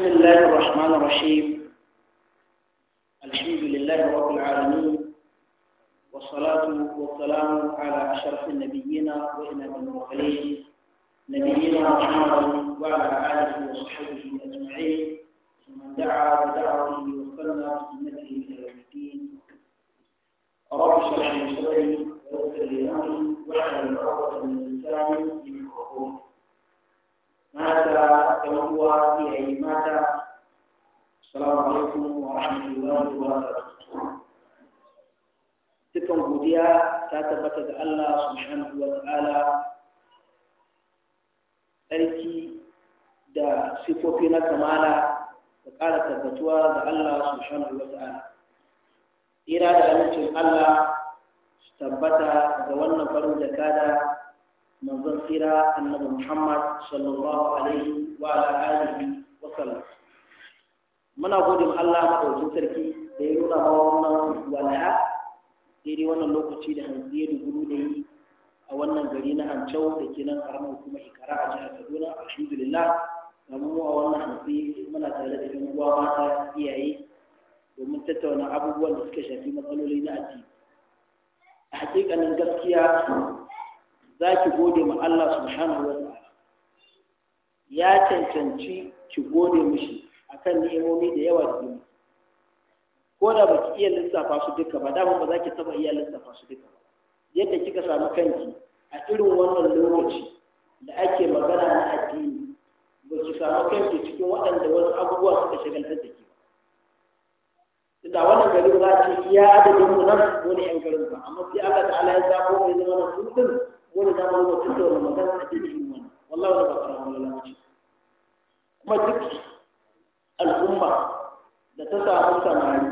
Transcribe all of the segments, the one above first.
بسم الله الرحمن الرحيم الحمد لله رب العالمين والصلاة والسلام على أشرف النبيين وإمام المرسلين نبينا محمد وعلى آله وصحبه أجمعين ومن دعا بدعوته وسلم بسنته إلى يوم الدين رب اشرح لي صدري ويسر لي أمري واحلل عقدة من لساني يفقهوا mata 'yan uwa iyaye mata salamu alaikum wa rahmatullahi wa barakatuh dukan godiya ta tabbata da Allah subhanahu wa tsarki da sifofi na kamala da ƙara tabbatuwa ga Allah subhanahu wa ta'ala ira da amincin Allah su tabbata ga wannan farin manzon tsira annabi Muhammad sallallahu alaihi wa ala alihi wa sallam muna gode ma Allah wajen sarki da ya nuna ma wannan walaya daidai wannan lokaci da hantsi ya duguru da yi a wannan gari na Hancau da ke nan karamar kuma Ikara a jihar Kaduna alhamdulillah kamar mu a wannan hantsi muna tare da yan uwa mata iyaye domin tattauna abubuwan da suka shafi matsaloli na addini a hakikanin gaskiya za ki gode ma Allah subhanahu wa ta'ala ya cancanci ki gode mishi akan ni'imomi da yawa da duniya ko da ba ki iya lissafa su duka ba dama ba za ki taba iya lissafa su duka ba yadda kika samu kanki a irin wannan lokaci da ake magana na addini ba ki samu kanki cikin waɗanda wasu abubuwa suka shagaltar da ke da wannan garin za ce iya adadin mu nan mu ne yan garin ba amma sai Allah ta'ala ya zaɓo mai zama na kudin wani da wani mutum da wani magana a cikin wani wallahi da bakar wani lalace kuma duk al'umma da ta samu samari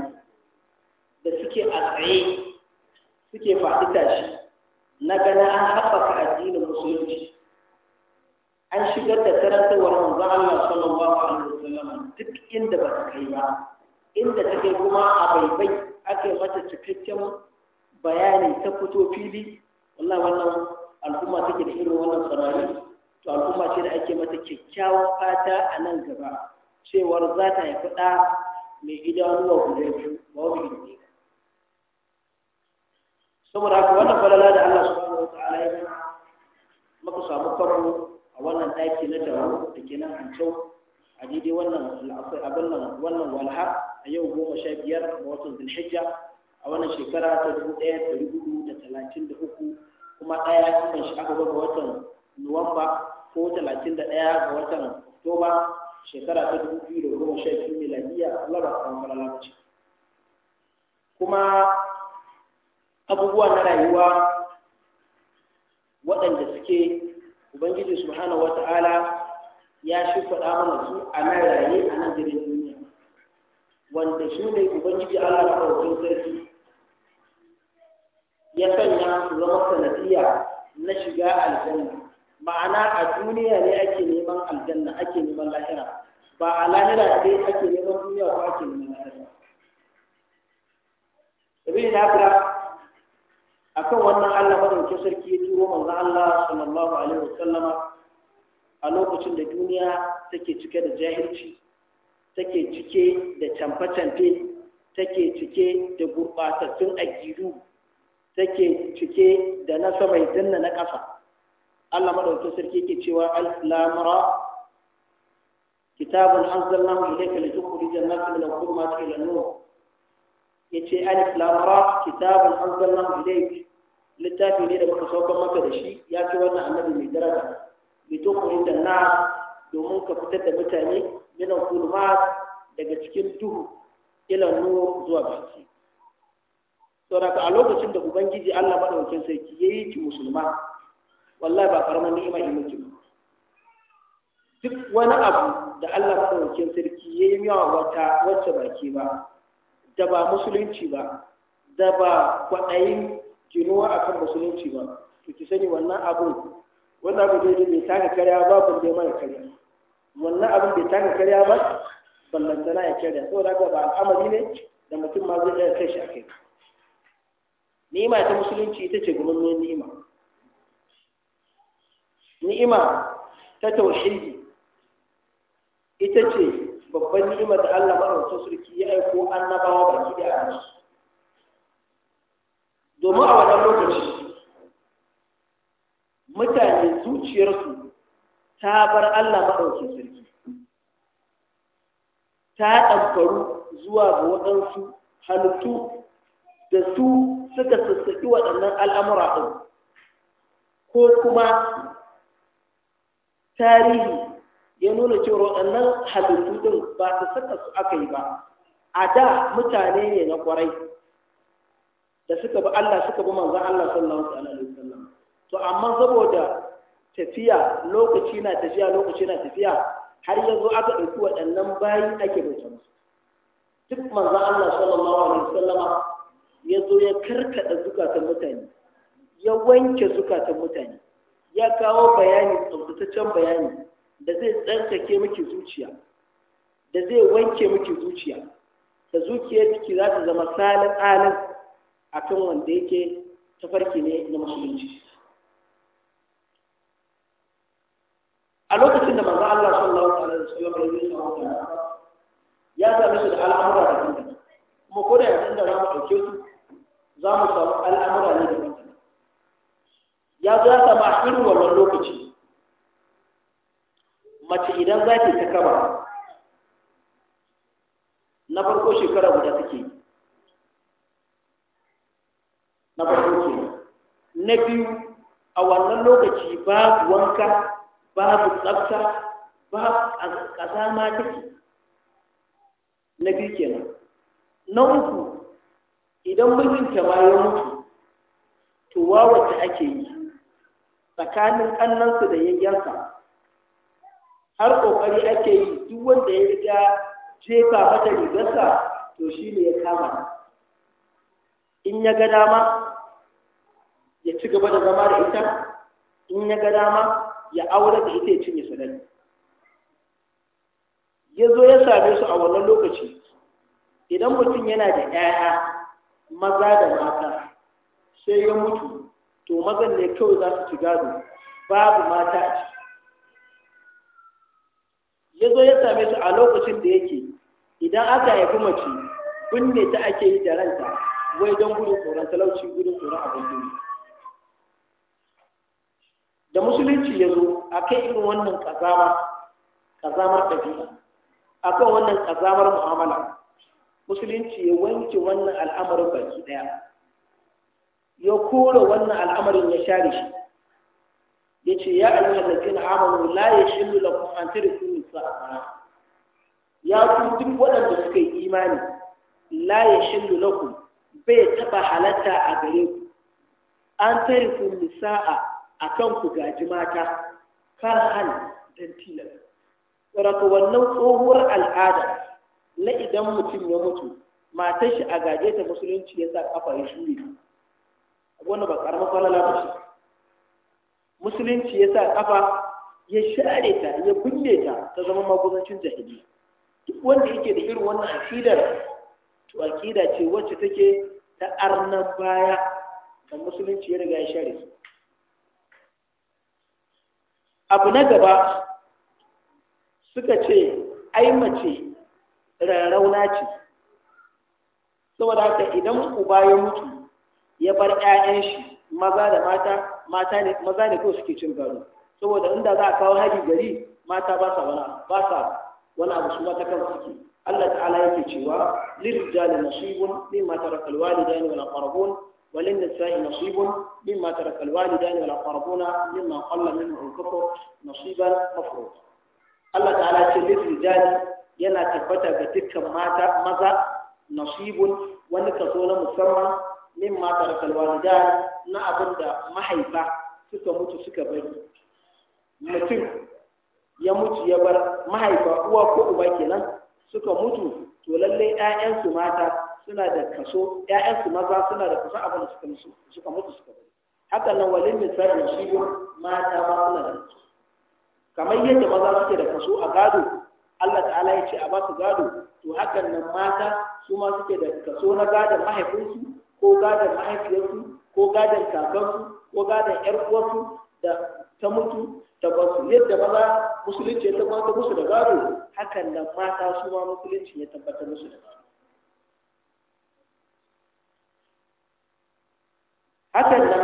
da suke a tsaye suke faɗi tashi na gana an haɓaka addinin musulunci an shigar da karantarwar manzo Allah sallallahu alaihi wasallam duk inda ba ta kai ba inda ta kai kuma a baibai aka yi mata cikakken bayani ta fito fili wallahi wannan al'umma take da irin wannan samari to al'umma ce da ake mata kyakkyawan fata a nan gaba cewar za ta haifi ɗa mai idanuwa guda biyu ba wani ilimi saboda haka wannan falala da Allah subhanahu wataala ya maka samu farko a wannan ɗaki na taro da ke nan an cewa a daidai wannan abin nan wannan walha a yau goma sha biyar ga watan zulhijja a wannan shekara ta dubu ɗaya da dubu da talatin da uku kuma ɗaya ya kuma shi ga watan nuwamba ko talatin da ɗaya ga watan oktoba shekara ta dubu biyu da goma sha biyu miladiya Allah da san falala ce kuma abubuwa na rayuwa waɗanda suke ubangiji subhanahu wata'ala ya shi faɗa mana su a nan raye a nan jirin duniya wanda shi ne ubangiji Allah ɗaukar sarki ya sanya su zama sanadiyya na shiga aljanna ma'ana a duniya ne ake neman aljanna ake neman lahira ba a lahira dai ake neman duniya ko ake neman lahira sabili da haka akan wannan Allah madauke sarki ya turo manzon Allah sallallahu alaihi wasallama a lokacin da duniya take cike da jahilci take cike da canfe-canfe take cike da gurɓatattun aƙidu take cike da na sama danna na ƙasa Allah madaukakin sarki ke cewa Al lam kitabun anzalnahu ilayka litukhrijan nas min al-dhulumati ila an-nur yace alif lam ra kitabun anzalnahu ilayka littafi ne da muka sauka maka da shi ya ce wannan annabi mai daraja litukhrijan nas domin ka fitar da mutane min al-dhulumat daga cikin duhu ila an-nur zuwa gaske saboda a lokacin da ubangiji Allah madaukakin sarki yayi ki musulma wallahi ba karaman ni'ima ne miki duk wani abu da Allah madaukakin sarki yayi miwa wata wacce baki ba da ba musulunci ba da ba kwaɗayin ginuwa kan musulunci ba to ki sani wannan abun wannan abu da bai taka karya ba ban je mara karya wannan abin bai taka karya ba ballantana ya karya saboda ba al'amari ne da mutum ma zai iya kai shi a kai ni'ima ta musulunci ita ce gumin ni'ima ni'ima ta tauhidi ita ce babban ni'ima da Allah madaukakin surki ya aiko annabawa baki da a domin a wannan lokaci mutane zuciyarsu ta bar Allah maɗaukin surki ta ɗamfaru zuwa ga waɗansu halittu da su suka sassaƙi waɗannan al'amura ɗin ko kuma tarihi ya nuna cewa waɗannan halittu ɗin ba ta saka su aka yi ba a da mutane ne na kwarai da suka bi Allah suka bi manzan Allah sallallahu alaihi wasallam to amma saboda tafiya lokaci na tafiya lokaci na tafiya har yanzu aka ɗauki waɗannan bayi ake bauta musu duk manzan Allah sallallahu alaihi wasallama ya zo ya karkada zukatan mutane ya wanke zukatan mutane ya kawo bayani tsaftataccen bayani da zai tsarkake miki zuciya da zai wanke miki zuciya da zuciya ciki za ta zama salin alin akan wanda yake tafarki ne na musulunci a lokacin da manzo Allah sallallahu alaihi wasallam ya yi sawa ya sami su da al'amura da kuma ko da yanzu da za mu ɗauke su za mu samu al'amura ne da mutane ya zo ya samu a irin wannan lokaci mace idan za ta kaba na farko shekara guda take yi na farko ke na biyu a wannan lokaci ba wanka babu tsafta a ƙasa ma take na biyu kenan na uku idan mijinta ma ya mutu to wawace ake yi tsakanin ƙannansu da yayyansa har ƙoƙari ake yi duk wanda ya riga jefa mata rigarsa to shi ne ya kama in ya ga dama ya ci gaba da zama da ita in ya ga dama ya aure da ita ya cinye sadaki ya zo ya same su a wannan lokaci idan mutum yana da 'ya'ya maza da mata sai ya mutu to mazan ne kawai za su ci gado babu mata a ya zo ya same su a lokacin da yake idan aka haifi mace binne ta ake yi da ranta wai don gudun tsoron talauci gudun tsoron abin duniya da musulunci ya zo a kai irin wannan kazama kazamar ɗabi'a a kan wannan kazamar mu'amala musulunci ya wanke wannan al'amarin baki daya ya kore wannan al'amarin ya share shi ya ce ya ayyuhal ladina amanu la yahillu lakum an tariku nisa'a ya ku duk waɗanda suka yi imani la lula ku bai taba halatta a gare ku an tariku nisa'a kan ku gaji mata karhan dan tilas saboda wannan tsohuwar al'ada na idan mutum ya mutu matar shi a gaje ta musulunci ya sa kafa ya shuri Wani ba karamar falala ba shi musulunci ya sa kafa ya share ta ya binne ta ta zama magudancin jahili duk wanda yake da irin wannan akidar to akida ce wacce take ta arna baya da musulunci ya riga ya share abu na gaba suka ce ai mace rarrauna ce saboda haka idan uba ya mutu ya bar 'ya'yan shi maza da mata mata ne maza ne kawai suke cin gado saboda inda za a kawo hari gari mata ba sa wani ba sa wani abu su mata kan suke Allah ta'ala yake cewa lirrijali nasibun mimma taraka alwalidani wal aqrabun وللنساء نصيب مما ترك الوالدان والأقربون مما قل منه الكفر نصيبا مفروض الله تعالى يقول للرجال yana tabbata ga dukkan mata maza nasibun wani kaso na musamman min da kalwalida na abin da mahaifa suka mutu suka bari mutum ya mutu ya bar mahaifa uwa ko uba kenan suka mutu to lalle ƴaƴansu mata suna da kaso ƴaƴansu maza suna da kaso abin da suka suka mutu suka bari haka nan walin misali shi mata ma suna da kaso kamar yadda maza suke da kaso a gado Allah ta'ala ya ce a ba su gado to hakan nan mata su ma suke da kaso na gadon mahaifinsu ko gadon mahaifiyarsu ko gadon kakansu ko gadon yar uwarsu da ta mutu ta su yadda za musulunci ya tabbatar musu da gado hakan nan mata su ma musulunci ya tabbatar musu da gado hakan nan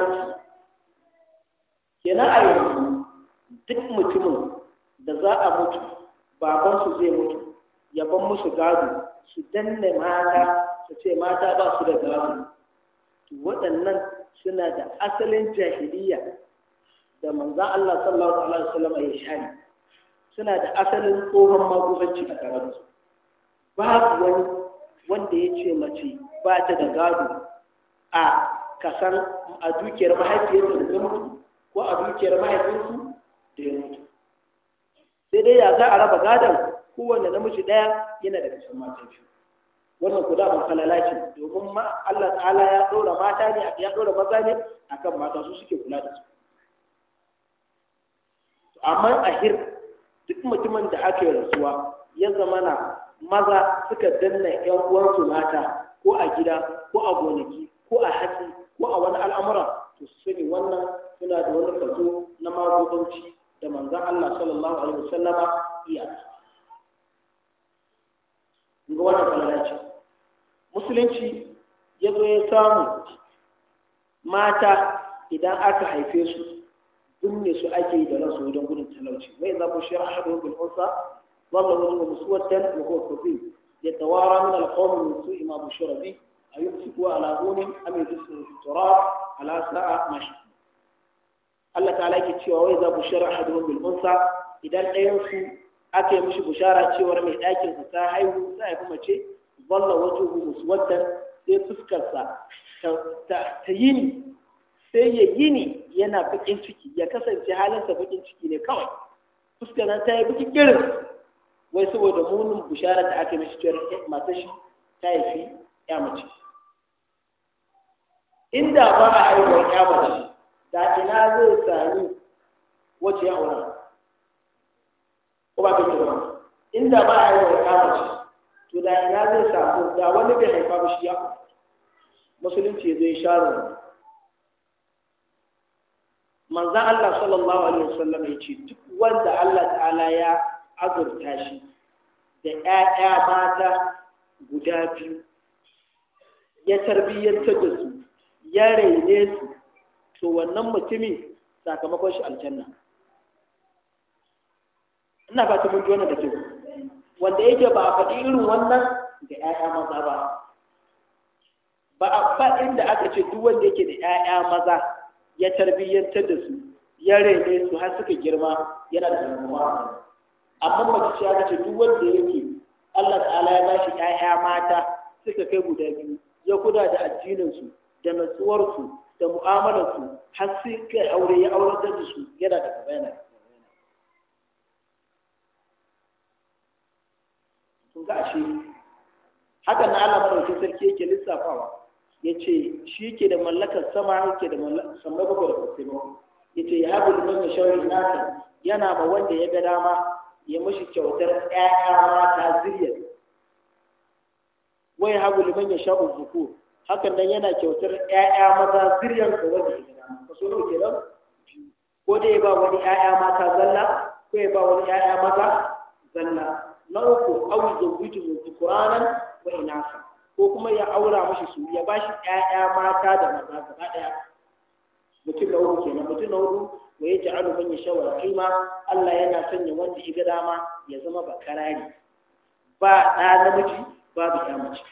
kenan a yanzu duk mutumin da za a mutu babansu zai mutu ya ban musu gado su danne mata su ce mata ba su da gado to waɗannan suna da asalin jahiliya da manzan Allah sallallahu alaihi wasallam ya shari suna da asalin tsohon magubanci a tare babu wani wanda ya ce mace ba ta da gado a kasan a dukiyar mahaifiyarsa da mutu ko a dukiyar mahaifinsu da ya sai dai ya za a raba gadon kowanne namiji ɗaya yana da cikin matan shi wannan kula da falala ce domin ma Allah ta'ala ya ɗora mata ne ya ɗora maza ne akan mata su suke kula da su amma a hir duk mutumin da aka yi rasuwa ya zama na maza suka danna yan uwansu mata ko a gida ko a gonaki ko a hatsi ko a wani al'amura to su sani wannan suna da wani kaso na magudanci da manzan Allah sallallahu alaihi wasallama iya ga wannan ce musulunci ya zo ya samu mata idan aka haife su binne su ake yi da ransu wajen gudun talauci wai za ku shi rahadu da unsa wallahu rajulun muswaddan wa huwa ya tawara min al qawmi min su'i ma a bi musu ala ghunin am yudsiru fi turab ala sa'a mashi Allah ta laiki cewa wai za bushara ahaduhum bil unsa idan ɗayansu aka yi mishi bushara cewa mai ɗakin sa ta haihu ta haifi mace zalla wajhuhu muswaddan sai fuskarsa ta yini sai ya yini yana bakin ciki ya kasance halinsa bakin ciki ne kawai fuskar ta yi bakin kirin wai saboda munin bushara da aka mishi cewar matar shi ta haifi ya mace inda ba a haihuwar ya mace da ina zai sami wacce ya aura ko ba kai ba inda ba a yi wa kama to da ina zai samu da wani bai haifa ba shi ya musulunci zai share manzo Allah sallallahu alaihi wasallam ya ce duk wanda Allah ta'ala ya azurta shi da ƴaƴa mata guda biyu ya tarbiyyantar da su ya raine su to wannan mutumin sakamakon shi aljanna ina ba ta mun wannan da kyau wanda yake ba a faɗi irin wannan ga 'ya'ya maza ba ba a faɗin da aka ce duk wanda yake da 'ya'ya maza ya tarbiyyantar da su ya rene su har suka girma yana da damuwa amma mace ce aka ce duk wanda yake Allah ta'ala ya ba shi 'ya'ya mata suka kai guda biyu ya kuda da addinin su da natsuwar su da mu'amalarsu su har sai kai aure ya aure da su yana da bayana Sun ga ashe haka na Allah madaukakin sarki yake lissafawa yace shi ke da mallakar sama yake da mallakar sama bakwai da kusa Ya yace ya habu da ya shawar nasa yana ma wanda ya ga dama ya mashi kyautar ƴaƴa mata zuriya wai habu da ya sha'u hakan nan yana kyautar ƴaƴa maza zuriyar da wanda Ka so ne nawa kenan ko dai ba wani ƴaƴa mata zalla ko ya ba wani ƴaƴa maza zalla na uku awi zawjuhu qur'anan wa inasa ko kuma ya aura mashi su ya bashi ƴaƴa mata da maza gaba ɗaya mutum na uku kenan mutum na uku wa ya ja'alu man yashawa qima Allah yana sanya wanda ya ga dama ya zama bakarari ba ɗa namiji babu ƴa mace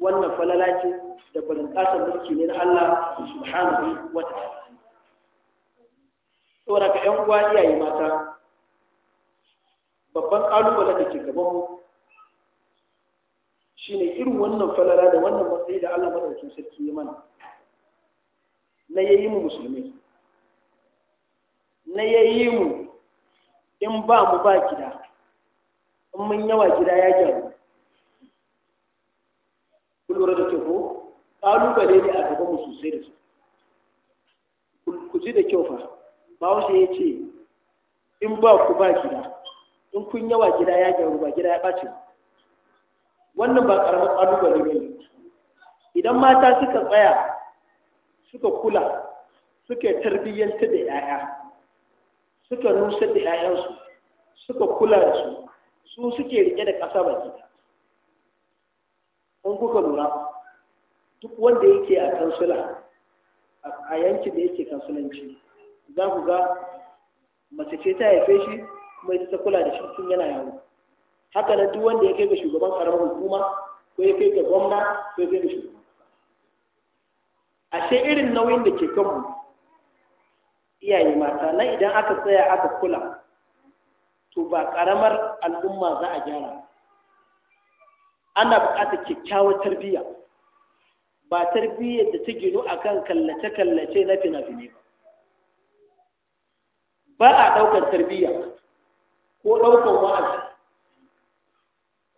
wannan falala ce da balantasar mulki ne na Allah subhanahu wa ta'ala saboda ka 'yan uwa iyaye mata babban ƙalubale da ke gaban mu ne irin wannan falala da wannan matsayi da Allah madaukakin sarki ya mana na yayi mu musulmi na yayi mu in ba mu ba gida in mun yawa gida ya gyaru lura da kyau ko kalubale ne a gaban mu sosai da su ku ji da kyau fa bawo ya ce in ba ku ba gida in kun yawa gida ya gyaru ba gida ya ɓace wannan ba ƙaramin ƙalubale ne idan mata suka tsaya suka kula suka tarbiyyanta da 'ya'ya suka nusa da 'ya'yansu suka kula da su su suke rike da ƙasa gida. in kuka lura duk wanda yake a kansula a yankin da yake kansulanci za ku ga mace ce ta haife shi kuma ita ta kula da shi tun yana yawo haka na duk wanda ya kai ga shugaban karamar hukuma ko ya kai ga gwamna ko ya kai ga shugaban ashe irin nauyin da ke kanmu iyaye mata nan idan aka tsaya aka kula to ba karamar al'umma za a gyara ana buƙatar kyakkyawar tarbiyya ba tarbiyyar da ta gino akan kallace-kallace na fina-finai ba ba a ɗaukar tarbiyya ko ɗaukar wa'azi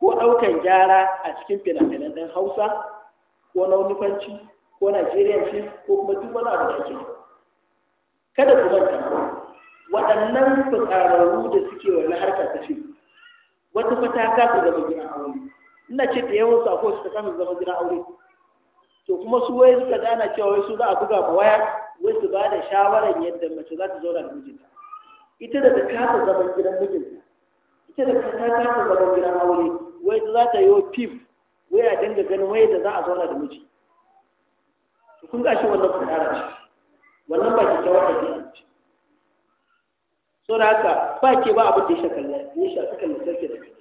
ko ɗaukar gyara a cikin fina-finan ɗan hausa ko na ko nigerian film ko kuma duk wani abu da ake kada ku manta waɗannan fitsararru da suke wani harka ta fim wata fata ka su zama gina wani ina ce da yawan su akwai suka kasa zama jira aure to kuma su wai suka gana cewa wai su za a buga ma waya wai su ba da shawarar yadda mace za ta zauna da mijinta ita da ta kasa zaman gidan mijinta ita da ta kasa zaman gidan aure wai za ta yi fim wai a dinga ganin wai da za a zauna da miji to kun gashi wannan fadara ce wannan ba ki kyawar da ke so da haka ba ke ba abin da ya shafi kallon sarki da kai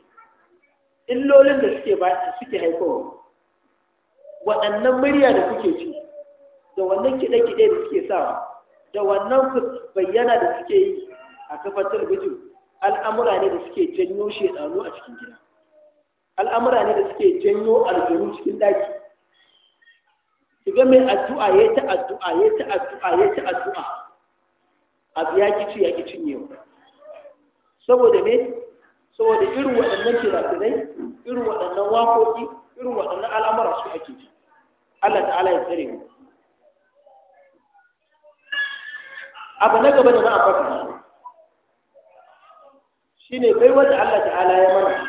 illolin da suke ba suke haifarwa waɗannan murya da kuke ci da wannan kiɗe-kiɗe da suke sawa da wannan bayyana da suke yi a kafar talabijin al'amura ne da suke janyo shaidanu a cikin gida al'amura ne da suke janyo aljanu cikin daki su ga mai addu'a ya ta addu'a ya ta addu'a ya ta addu'a abu ya ki ci ya ki cinyewa saboda ne saboda irin waɗannan kirafinai irin waɗannan waƙoƙi irin waɗannan al'amura su ake ji Allah ta'ala ya tsare mu abu na gaba da na shi shine bai wanda Allah ta'ala ya mana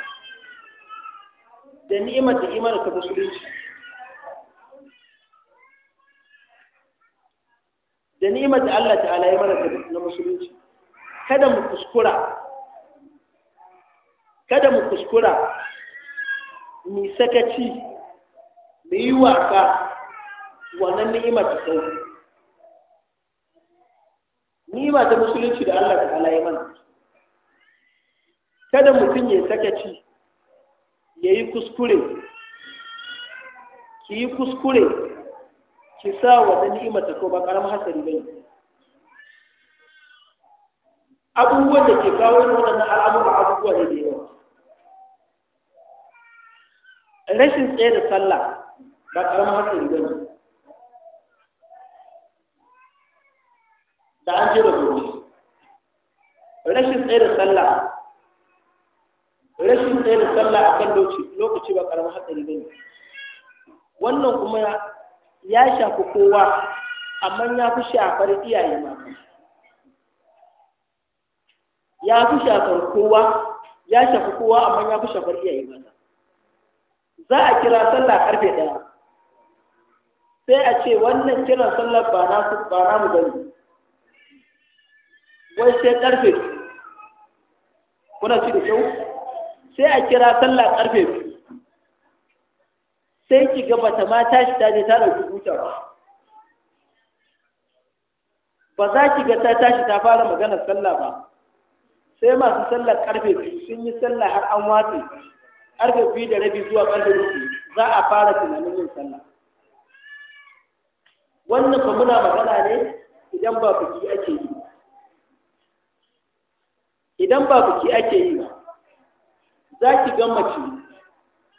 da ni'imar da imanin ta musulunci da ni'imar da Allah ta'ala ya mana ta na musulunci kada mu kuskura kada mu kuskura mu sakaci mu yi waka, wannan ni'imar ta sau ni'ima ta musulunci da Allah ta ya mana kada mutum ya sakaci ya yi kuskure ki yi kuskure ki sa wannan ni'imar ta ko ba karamar hasari bai abubuwan da ke kawo irin waɗannan al'amuran abubuwa ne da yawa rashin tsaye da sallah ba karamar hatsari ba ne da an ji rubutu rashin tsaye da sallah rashin tsaye da sallah a kan lokaci ba karamar hatsari ba ne wannan kuma ya shafi kowa amma ya fi shafar iyaye ma ya fi shafar kowa ya shafi kowa amma ya fi shafar iyaye mata za a kira sallah karfe ɗaya sai a ce wannan kiran sallah ba na ba na mu bane wai sai karfe kuna ci da kyau sai a kira sallah karfe sai ki ga bata ma tashi ta je ta dauki buta ba ba za ki ga ta tashi ta fara magana sallah ba sai masu sallar karfe sun yi sallah har an watsa ƙarfe biyu da rabi zuwa ƙarfe rufi za a fara tunanin yin sallah wannan ba muna magana ne idan ba biki ake yi idan ba biki ake yi ba za ki ga mace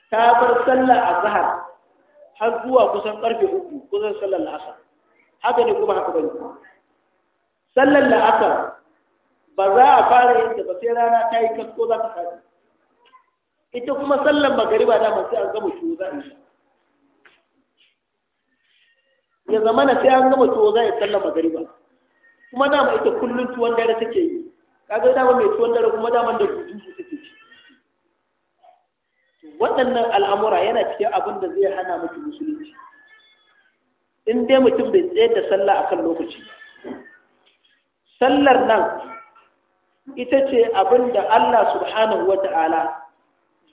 ta bar sallah a zahar har zuwa kusan ƙarfe uku kusan sallar la'asar haka ne kuma haka bane sallar la'asar ba za a fara yin ta ba sai rana ta yi kasko za ta fara. ita kuma sallan magariba da masu an gama tuwo za a yi ya zama na sai an gama tuwo za a yi sallan magariba kuma dama ita kullum tuwon dare take yi kaga dama mai tuwon dare kuma daman da dudu su take ci waɗannan al'amura yana cikin abin da zai hana miki musulunci in dai mutum bai tsayar da sallah akan lokaci sallar nan ita ce abin da Allah subhanahu wa ta'ala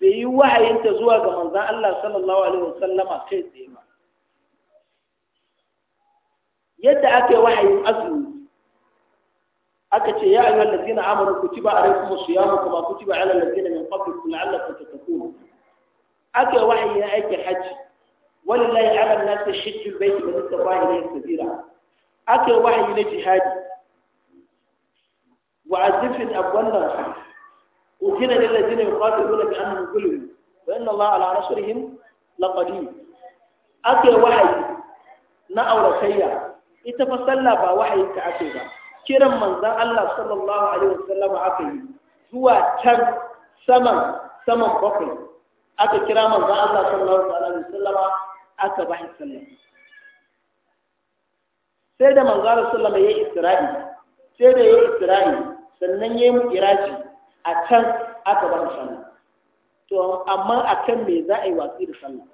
bai yi wahayinta zuwa ga manzan Allah sallallahu alaihi wasallama kai tsaye ba yadda aka yi wahayin azumi aka ce ya ayyuhal a amanu masu alaykum as ku ci ba ala alladhina min qablikum la'allakum tattaqun aka yi wahayin na aikin hajji walillahi ala an-nasi hajjul bayti man istata'a ilayhi sabila aka yi wahayi na jihadi wa azifin nan وكنا للذين يقاتلون بأنهم ظلموا وإن الله على نصرهم لقدير أتي وحي نأور سيئة إتفصلنا بوحي كعسيبا كرم من ذا الله صلى الله عليه وسلم عقل هو تم سمن سمن بقل أتي كرام من ذا الله صلى الله عليه وسلم أتي بحي سلم sai da manzara sallama ya isra'i sai da ya isra'i sannan ya yi mu iraji a can aka ba sallah to amma a can me za a yi watsi da sallah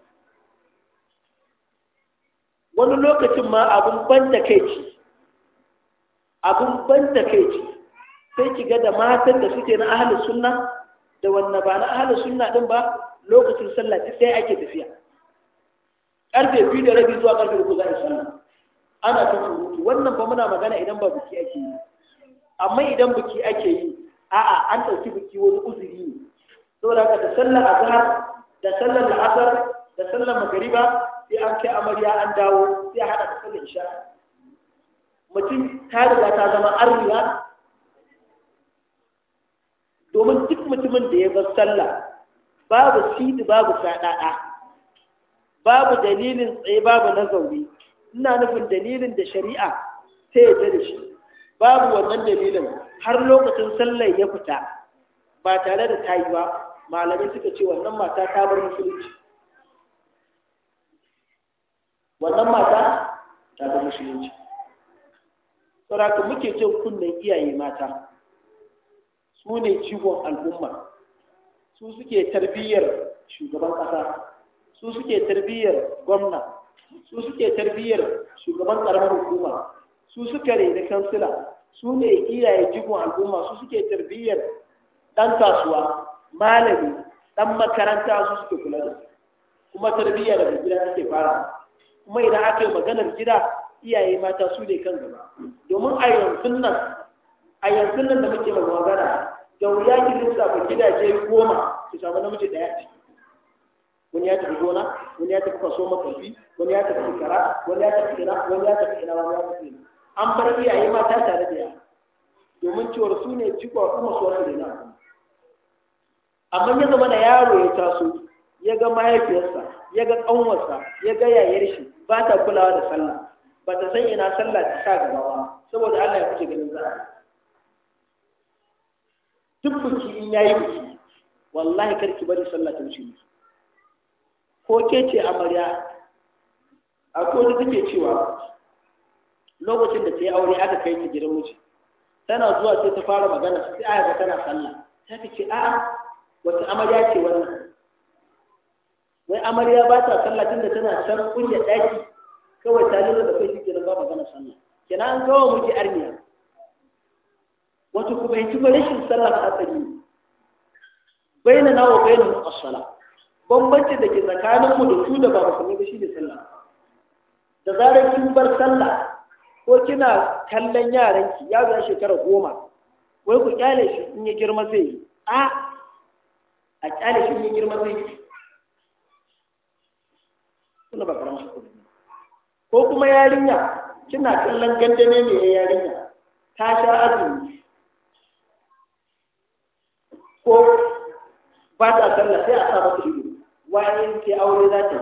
wani lokacin ma abin ban da kai ci abin ban da kai ci sai ki ga da matan da suke na ahalin sunna da wanda ba na ahalin sunna din ba lokacin sallah ta sai ake tafiya karfe biyu da rabi zuwa karfe uku za a sallah ana ta surutu wannan ba muna magana idan ba biki ake yi amma idan biki ake yi a'a an ɗauki biki wani uzuri ne saboda haka da sallar azhar da sallar la'asar da sallar magariba sai an kai amarya an dawo sai a haɗa da sallar isha mutum ta riga ta zama arriya domin duk mutumin da ya bar sallah babu sidi babu sadada babu dalilin tsaye babu na ina nufin dalilin da shari'a sai ya da shi babu wannan dalilin har lokacin sallar ya fita ba tare da tayi ba malamai suka ce wannan mata ta bar musulunci wannan mata ta bar musulunci saboda muke jin kunnen iyaye mata su ne jigon al'umma su suke tarbiyyar shugaban ƙasa su suke tarbiyyar gwamna su suke tarbiyyar shugaban ƙaramar hukuma su suka rena kansila su ne iyaye jikun al'umma su suke tarbiyyar ɗan kasuwa malami ɗan makaranta su suke kula da kuma tarbiyyar da gida suke fara kuma idan aka yi maganar gida iyaye mata su ne kan gaba domin a yanzu nan a yanzu nan da muke magana da wuya ki lissafa gidaje goma su samu namiji ɗaya ciki wani ya tafi gona wani ya tafi kaso makafi wani ya tafi kara wani ya tafi gina, wani ya tafi ina wani ya tafi ina an bar iyaye mata tare da yara domin cewar su ne kuma wasu da na amma ya zama na yaro ya taso ya ga mahaifiyarsa ya ga ƙanwarsa ya ga yayar shi ba ta kulawa da sallah ba ta san ina sallah ta sa gaba ba saboda Allah ya kuke ganin za'a. duk biki in yayi biki wallahi kar ki bari sallah ta wuce ko ke ce amarya akwai wani take cewa lokacin da ta yi aure aka kai ta gidan miji tana zuwa sai ta fara magana sai aya ga tana sallah ta fi ce a'a wata amarya ce wannan wai amarya ba ta sallah tunda tana san kunya daki kawai ta lura da kai shi gidan ba magana sallah kenan an kawo miji armiya wato kuma yanzu ba rashin sallah a tsari baina na wa baina mu as-sala bambanci da ke tsakanin da su da ba musulmi ba ne sallah da zarar kin bar sallah ko kina kallon yaranki ya ya shekara goma wai ku kyale shi in ya girma zai yi a a kyale shi in ya girma zai yi kuna ba karamin ko kuma yarinya kina kallon gandane ne ya yarinya ta sha azumi ko ba ta sallah sai a sa mata wai wani ke aure za ta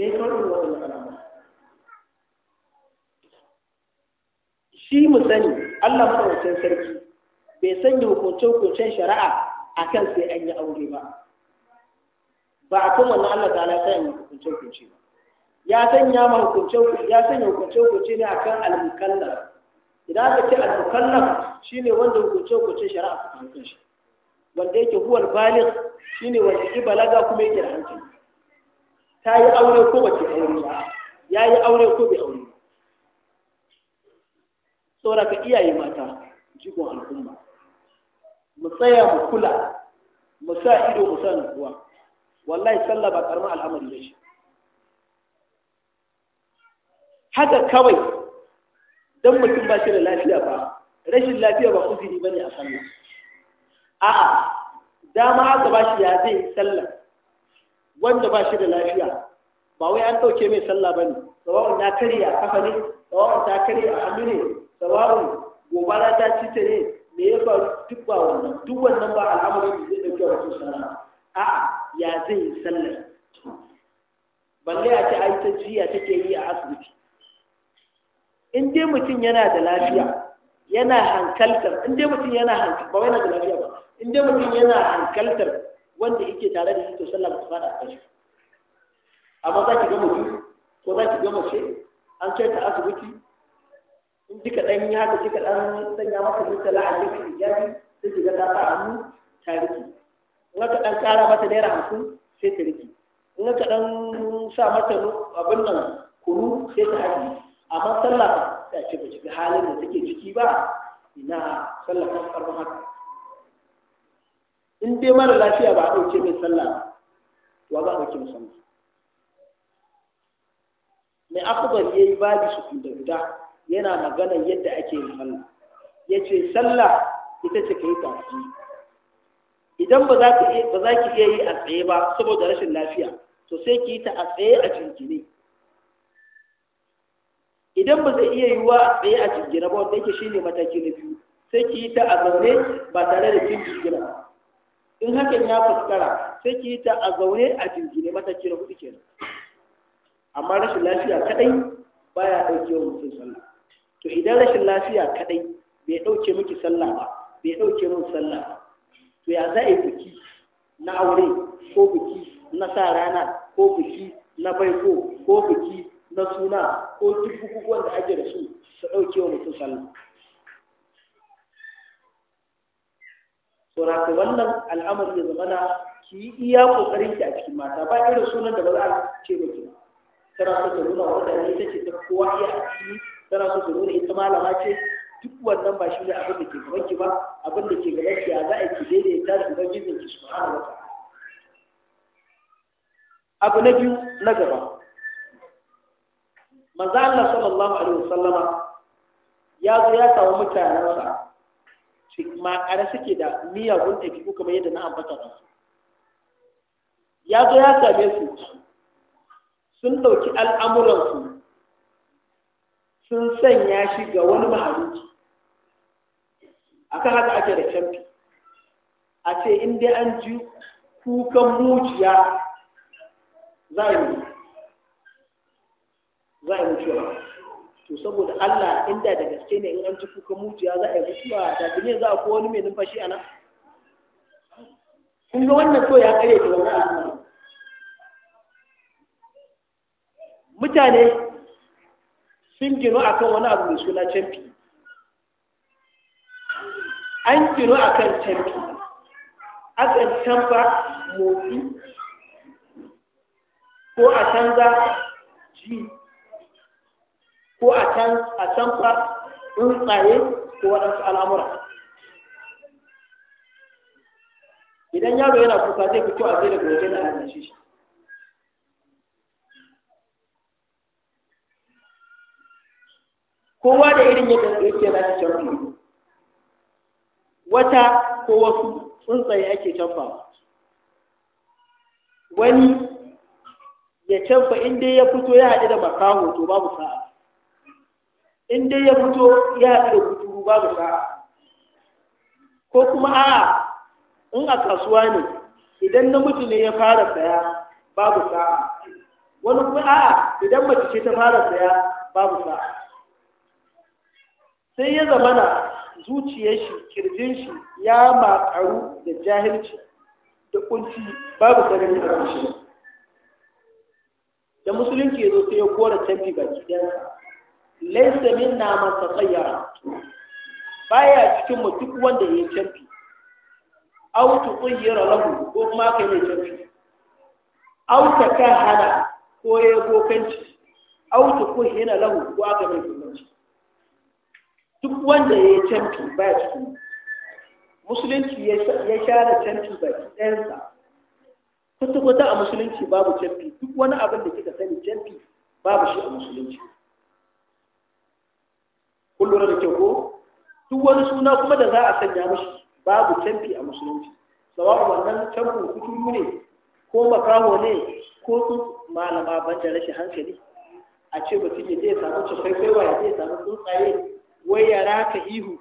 yi me kawai wannan al'amari shi mu sani Allah madaukakin sarki bai sanya hukunce-hukuncen shari'a akan sai an yi aure ba ba a kan wannan Allah ta'ala ya sanya hukunce-hukunce ba ya sanya ma hukunce ya sanya hukunce-hukunce ne akan al-mukallaf idan aka ce al-mukallaf shine wanda hukunce hukuncin shari'a suka kan shi wanda yake huwal shi shine wanda ya balaga kuma yake da hankali ta yi aure ko ba ta aure ba ya yi aure ko bai aure saboda ka iyaye mata jigon al'umma mu tsaya mu kula mu sa ido mu sa nufuwa wallahi sallah ba karamin al'amari ne shi haka kawai don mutum ba shi da lafiya ba rashin lafiya ba uzuri bane a sallah a'a dama haka ba shi ya zai sallah wanda ba shi da lafiya ba wai an ɗauke mai sallah ba ne tsawon ta karya kafa ne tsawon ta karya a hannu ne sawa'un gobara ta ci ta ne me ya faru duk ba wannan duk wannan ba al'amarin da zai dauke wasu sana a'a ya zai yi sallar balle a ce yi ta jiya take yi a asibiti in dai mutum yana da lafiya yana hankaltar in dai mutum yana hankaltar ba wani da lafiya ba in dai mutum yana hankaltar wanda yake tare da shi to sallah ba ta a kashi amma za ki ga mutum ko za ki ga mace an kai ta asibiti in kika dan ya haka kika dan sanya maka mutala a cikin hijabi sai da ta amu tariki ta riki in ka dan kara mata naira hamsin sai ta riki in ka dan sa mata abin nan kunu sai ta haɗi amma sallah ta ce ba shiga halin da take ciki ba ina sallah ta farko haka in dai mara lafiya ba a ɗauke mai sallah wa ba a ɗauke musamman mai akwai yayi babu su da guda yana magana yadda ake yin ya yace sallah ita ce kai tafi idan ba za ki ba za ki iya yi a tsaye ba saboda rashin lafiya to sai ki yi ta a tsaye a jingine idan ba zai iya wa a tsaye a jingine ba wanda yake ne mataki na biyu sai ki yi ta a zaune ba tare da kin jingina in hakan ya fuskara sai ki yi ta a zaune a jingine mataki na hudu kenan amma rashin lafiya kadai baya ɗauke wa mutum sallah to idan rashin lafiya kadai bai dauke miki sallah ba bai dauke mun sallah ba to ya za a yi biki na aure ko biki na sa rana ko biki na baiko ko biki na suna ko duk bukukuwan da ake da su su dauke wa mutum sallah sauraka wannan al'amari ya zamana ki yi iya kokarin ki a cikin mata ba irin sunan da ba za a ce ba ki ta nuna wanda ne ce ta kowa iya a tana so ta nuna ita malama ce duk wannan ba shi ne abin da ke gaban ki ba abin da ke gaban ki a za a ki daidaita da ubangijin ki subhanahu wa ta'ala abu na biyu na gaba manzo Allah sallallahu alaihi wasallama ya zo ya samu mutanensa ma kare suke da miyagun ɗabi'u kamar yadda na ambata ba ya zo ya same su sun ɗauki al'amuransu sun sanya shi ga wani mahaluki kan haka ake da canfi. a ce in dai an ji kukan muciya za a yi za a yi mutuwa to saboda Allah inda da gaske ne in an ji kukan muciya za a yi mutuwa da ne za a ko wani mai numfashi a nan kun ga wannan so ya kare da wani mutane sun gino kan wani abu mai suna canfi an gino akan canfi kan canfa motsi ko a canza ji ko a canfa tsuntsaye ko waɗansu al'amura idan yaro yana kuka zai fito a zai daga wajen da hannun shi kowa da irin yadda yake na canfa wata ko wasu tsuntsaye ake canfa wani ya canfa in dai ya fito ya haɗu da makaho to babu sa'a in dai ya fito ya haɗu da kuturu babu sa'a ko kuma a'a in a kasuwa ne idan namiji ne ya fara saya babu sa'a wani kuma a'a idan mace ce ta fara saya babu sa'a sai ya na zuciyar shi kirjin shi ya makaru da jahilci da kunci babu sarari a ƙarshe. da musulunci ya zo sai ya kora canfi baki ɗansa laisa minna man tsayyara baya cikin mu duk wanda ya yi canfi aw tuqayyira lahu ko kuma kai mai Auta kan hana ko ya bokanci aw kuhina lahu ko aka mai bokanci duk wanda ya yi canfi ba ya cikin musulunci ya share canfi baki ɗayansa kwata-kwata a musulunci babu canfi duk wani abin da kika sani canfi babu shi a musulunci kullum da kyau ko duk wani suna kuma da za a sanya mashi babu canfi a musulunci sababu wannan canfin kuturu ne ko makaho ne ko su malama ban da hankali a ce mutum ya je samu cikin kwaiwa ya je samu tsuntsaye wai ya raka ihu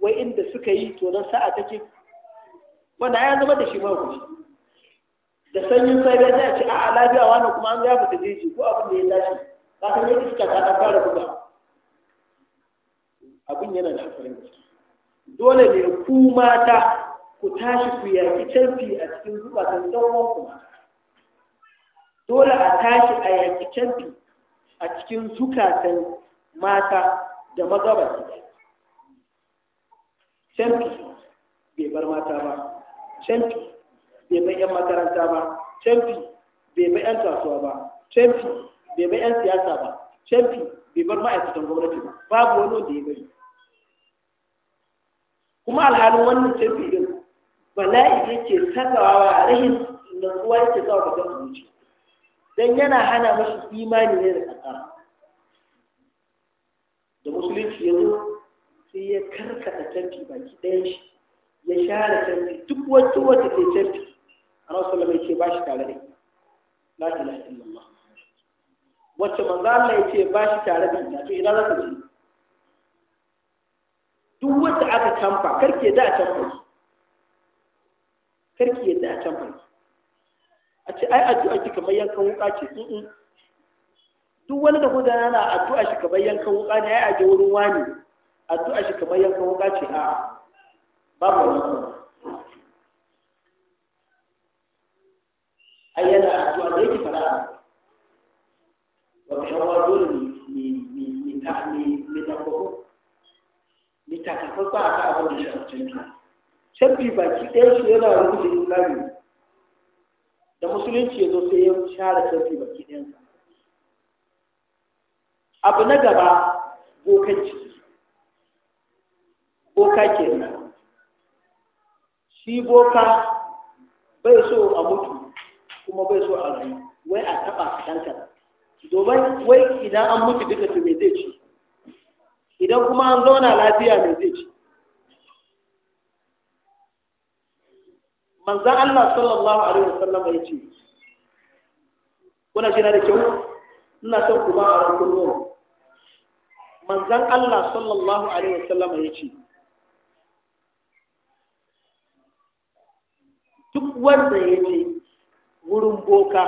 wai inda suka yi to nan sa'a take wanda ya zama da shi ma kuma da sanyin sai da ya ce a'a lafiya wannan kuma an ga fita jeji ko abin da ya tashi ka san yadda suka ta fara buga abin yana da hafarin dole ne ku mata ku tashi ku yaƙi canfi a cikin zubatan tsawon ku dole a tashi a yaƙi canfi a cikin zukatan mata da maza ba bai bar mata ba canfi bai bar 'yan makaranta ba canfi bai bar 'yan kasuwa ba canfi bai bar 'yan siyasa ba canfi bai bar ma'aikatan gwamnati ba babu wani wanda ya bari kuma alhalin wannan canfi din bala'i yake sakawa rahin natsuwa yake sawa ga zuciya dan yana hana mashi imani ne da kasara musulunci ya zo sai ya karkata canfi baki ɗaya shi ya share canfi duk wata wata ke canfi a rasu sallama ya ce ba shi tare da ita la ilaha illallah wacce manzo Allah ya ce ba shi tare da ita to ina za ka je duk wata aka canfa karke da a canfa ki karke da a canfa ki a ce ai addu'a ki kamar yankan wuka ce duk wani da kuka na addu'a shi kamar yankan wuka ne ya aje wurin wani addu'a shi kamar yankan wuka ce a babu wani kuma ai yana addu'a da yake fara wa kawo dole ni ni ni ta ni ni ta ko ni ta ka fa ba ka abin da shi a cikin ka shabbi baki ɗaya shi yana rubuta yin da musulunci ya zo sai ya share shabbi baki ɗayansa abu na gaba bokan ciki boka ke shi boka bai so a mutu kuma bai so a rayu wai a taɓa ɗanka domin wai idan an mutu duka to me zai ci idan kuma an zauna lafiya me zai ci manzan Allah sallallahu alaihi wasallam ya ce kuna jira da kyau ina son kuma a rukun nuna manzan Allah sallallahu alaihi wasallam ya ce duk wanda ya je wurin boka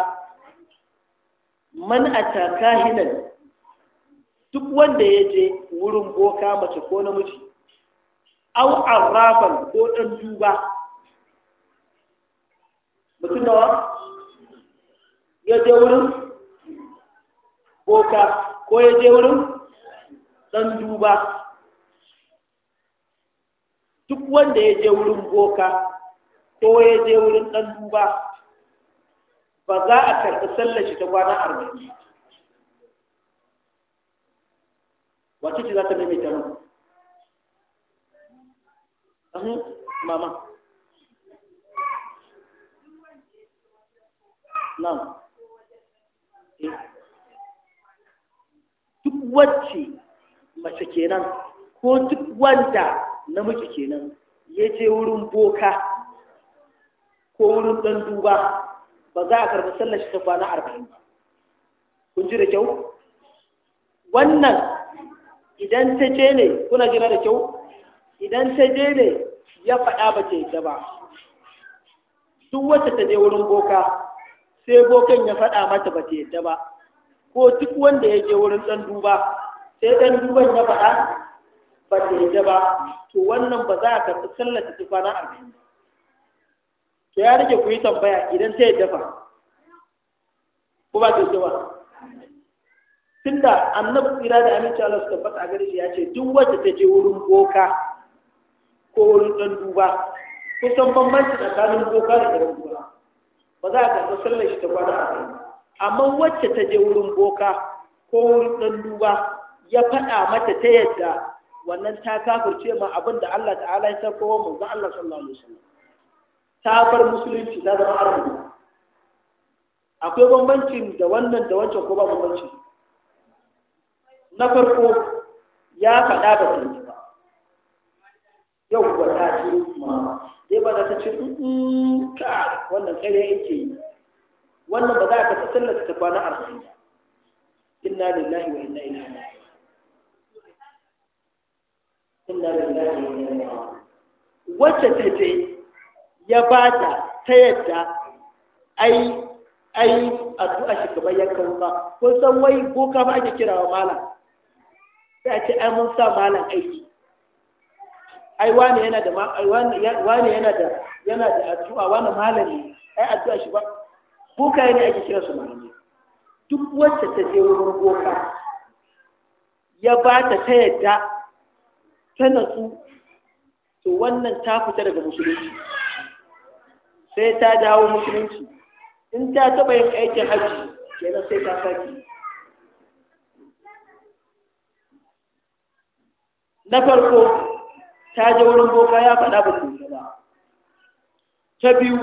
man taka hinan duk wanda ya je wurin boka mace ko namiji au arrafan ko ɗan duba mutum nawa ya je wurin ko ka ko ya je wurin ɗan duba duk wanda ya je wurin boka ko ya je wurin ɗan duba ba za a karɓi sallar shi ta kwana arba'in wacce ce za ta maimaita ahun mama nan duk wacce mace kenan ko duk wanda namiji kenan ya je wurin boka ko wurin ɗan duba ba za a karɓi sallar shi ta kwana arba'in ba kun ji da kyau wannan idan ta je ne kuna jira da kyau idan ta je ne ya faɗa ba ta yadda ba duk wacce ta je wurin boka sai bokan ya faɗa mata ba ta yadda ba ko duk wanda ya je wurin ɗan duba sai ɗan duban ya faɗa ba ta yadda ba to wannan ba za a karɓi sallar ta kwana arba'in ba to ya rage ku yi tambaya idan ta ya fa ko ba ta yadda Tun tunda annabi tsira da aminci Allah su tabbata a gare shi ya ce duk wanda ta je wurin boka ko wurin ɗan duba kusan bambanci tsakanin boka da ɗan duba ba za a karɓi sallar shi ta kwana a arziki amma wacce ta je wurin boka ko wurin ɗan duba ya faɗa mata ta yadda wannan ta kafirce ma abin da Allah ta'ala ya sako wa manzo Allah sallallahu alaihi wasallam ta bar musulunci ta zama arziki akwai bambancin da wannan da wancan ko ba bambanci na farko ya faɗa ba ta ba yau ba ta ce ma sai ba za ta ce ka wannan tsare yake yi wannan ba za ka ta sallar ta kwana arba'in ba inna lillahi wa inna ilaihi raji'un inna lillahi wa inna ilaihi raji'un wacce ce ya ba ta ta yadda ai ai addu'a shi kamar yankan ba ko san wai ka ba ake kirawa malam sai a ce ai mun sa malam aiki ai wani yana da wani yana da yana da addu'a wani malami ai addu'a shi ba bokaye ne ake kira su mahimmi duk wacce ta je wurin boka ya ba ta ta yadda ta natsu to wannan ta fita daga musulunci sai ta dawo musulunci in ta taɓa yin aikin hajji kenan sai ta sake na farko ta je wurin boka ya faɗa ba ta ba ta biyu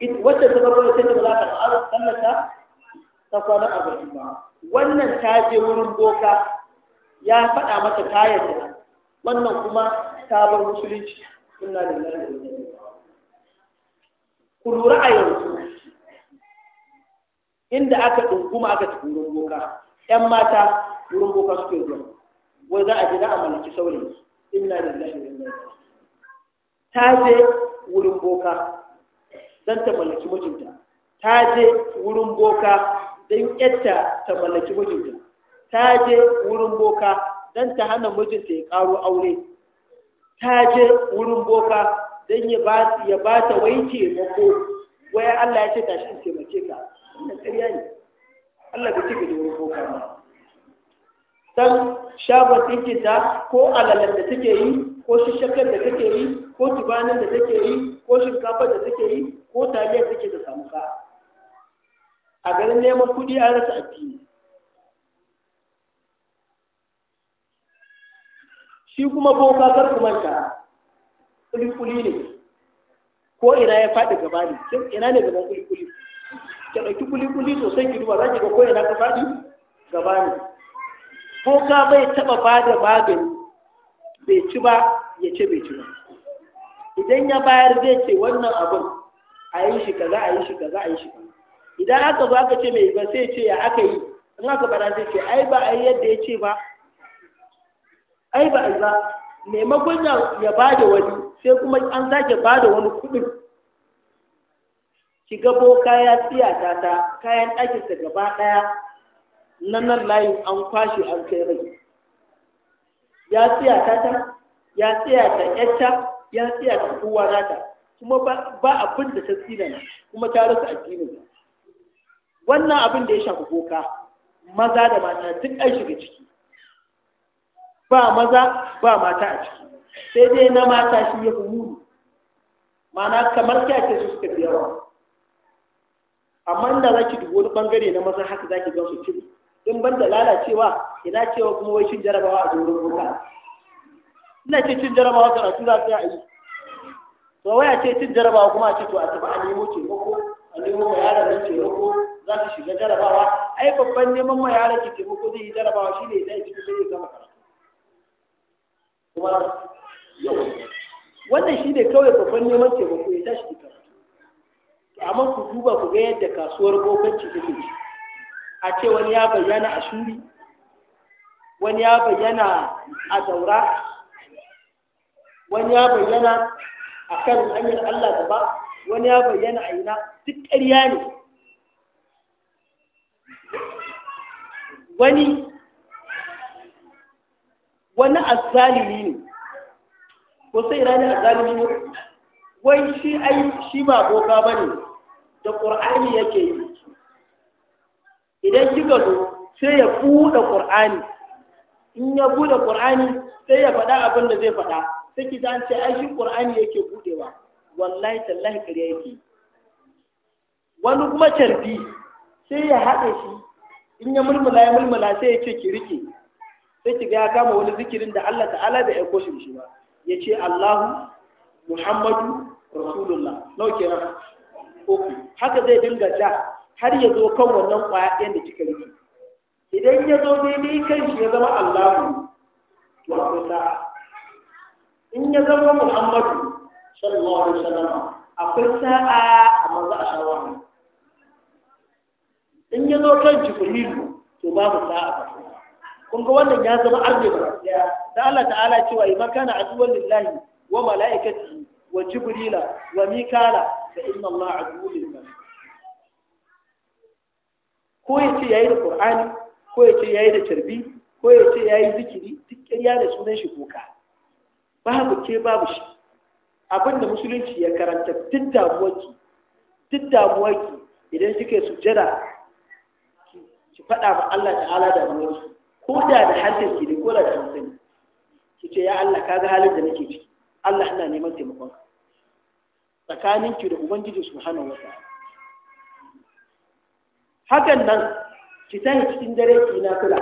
wacce ta farko sai ba za ta fara sallata ta kwana a ba wannan ta je wurin boka ya faɗa mata ta yarda wannan kuma ta bar musulunci inna lillahi wa inna ku lura a yanzu inda aka dunguma aka tafi wurin boka ƴan mata wurin boka suke zuwa wai za a je za a mallaki saurayi inna lillahi wa inna ta je wurin boka don ta mallaki mijinta ta je wurin boka don yadda ta mallaki mijinta ta je wurin boka don ta hana mijinta ya karo aure ta je wurin boka don ya ba ta wai mako. waya Allah ya ce ta in taimake ka wannan ƙarya ne Allah ya ce ka je wurin boka ba dan shagon ta ko alalar da take yi ko shi shakar da kake yi ko tubanin da take yi ko shinkafar da take yi ko taliyar take da samu a garin neman kuɗi an rasa addini shi kuma ko kar ku manta kulikuli ne ko ina ya faɗi gaba ne ina ne gaban kulikuli ka ɗauki kulikuli sosai ki duba za ki ga ko ina ka faɗi gaba ne ka bai taɓa ba da magani bai ci ba ya ce bai ci ba idan ya bayar zai ce wannan abin a yi shi kaza a yi shi kaza a yi shi kaza idan aka zo aka ce mai ba sai ce ya aka yi in aka fara sai ce ai ba a yi yadda ya ce ba ai ba a za ba maimakon ya ba da wani sai kuma an sake ba da wani kuɗin ki gabo kaya tsiya ta kayan ɗakinsa gaba ɗaya na nan layin an kwashe an kai rai ya tsiya ta ya ta yatta ya ta kowa nata kuma ba abin da ta tsina kuma ta rasa addinin wannan abin da ya shafi boka maza da mata duk an shiga ciki ba maza ba mata a ciki sai dai na mata shi ya fi muni ma'ana kamar kyace su suka fi yawa amma inda za ki dubi wani bangare na maza haka za ki gan su ciki in ban da lalacewa ina cewa kuma wai cin jarabawa a doron boka ina ce cin jarabawa karatu za su yi to waya ce cin jarabawa kuma a ce to a tafi a nemo taimako a nemo ma yaron nan taimako za su shiga jarabawa ai babban neman ma yaron ki taimako zai yi jarabawa shine idan ki zai gama karatu kuma yau wannan shi ne kawai babban neman taimako ya tashi ki karatu amma ku duba ku ga yadda kasuwar bokanci take ciki a ce wani ya bayyana a shuri wani ya bayyana a daura wani ya bayyana a kan hanyar Allah gaba wani ya bayyana a ina duk ƙarya ne wani wani azzalimi ne ko sai rani azzalimi ne wai shi ai shi ba boka bane da qur'ani yake yi idan kika zo sai ya buɗe qur'ani in ya buɗe ƙur'ani sai ya faɗa abin da zai faɗa sai ki an ce ai shi qur'ani yake buɗewa wallahi tallahi kare yake wani kuma carbi sai ya haɗe shi in ya mulmula ya mulmula sai ya ce ki rike sai ki ga ya kama wani zikirin da Allah ta'ala da ya shi shi ba ya ce Allahu Muhammadu Rasulullah nau kenan haka zai dinga ja har ya zo kan wannan ƙwaya ɗayan da kika rike idan ya zo daidai kan shi ya zama Allahu to ta in ya zama Muhammadu sallallahu alaihi wasallam akwai sa'a a manzo a shawara in ya zo kan Jibrilu to babu sa'a ba kun ga wannan ya zama arbe ba da Allah ta'ala cewa yi makana aduwan lillahi wa mala'ikati wa jibrila wa mikala fa inna Allah aduwwul lillahi ko ya ce ya yi da Kur'ani, ko ya ce ya yi da tarbi ko ya ce ya yi zikiri duk ƙarya da sunan shi kuka babu ke babu shi abinda musulunci ya karanta duk damuwarki duk damuwarki idan kike sujjada ki faɗa ma Allah ta'ala damuwarki ko da da harshen ki ne ko da da ki ce ya Allah ka ga halin da nake ciki Allah ina neman taimakon tsakaninki da ubangiji subhanahu wa ta'ala hakan nan ki tashi cikin dare ki fila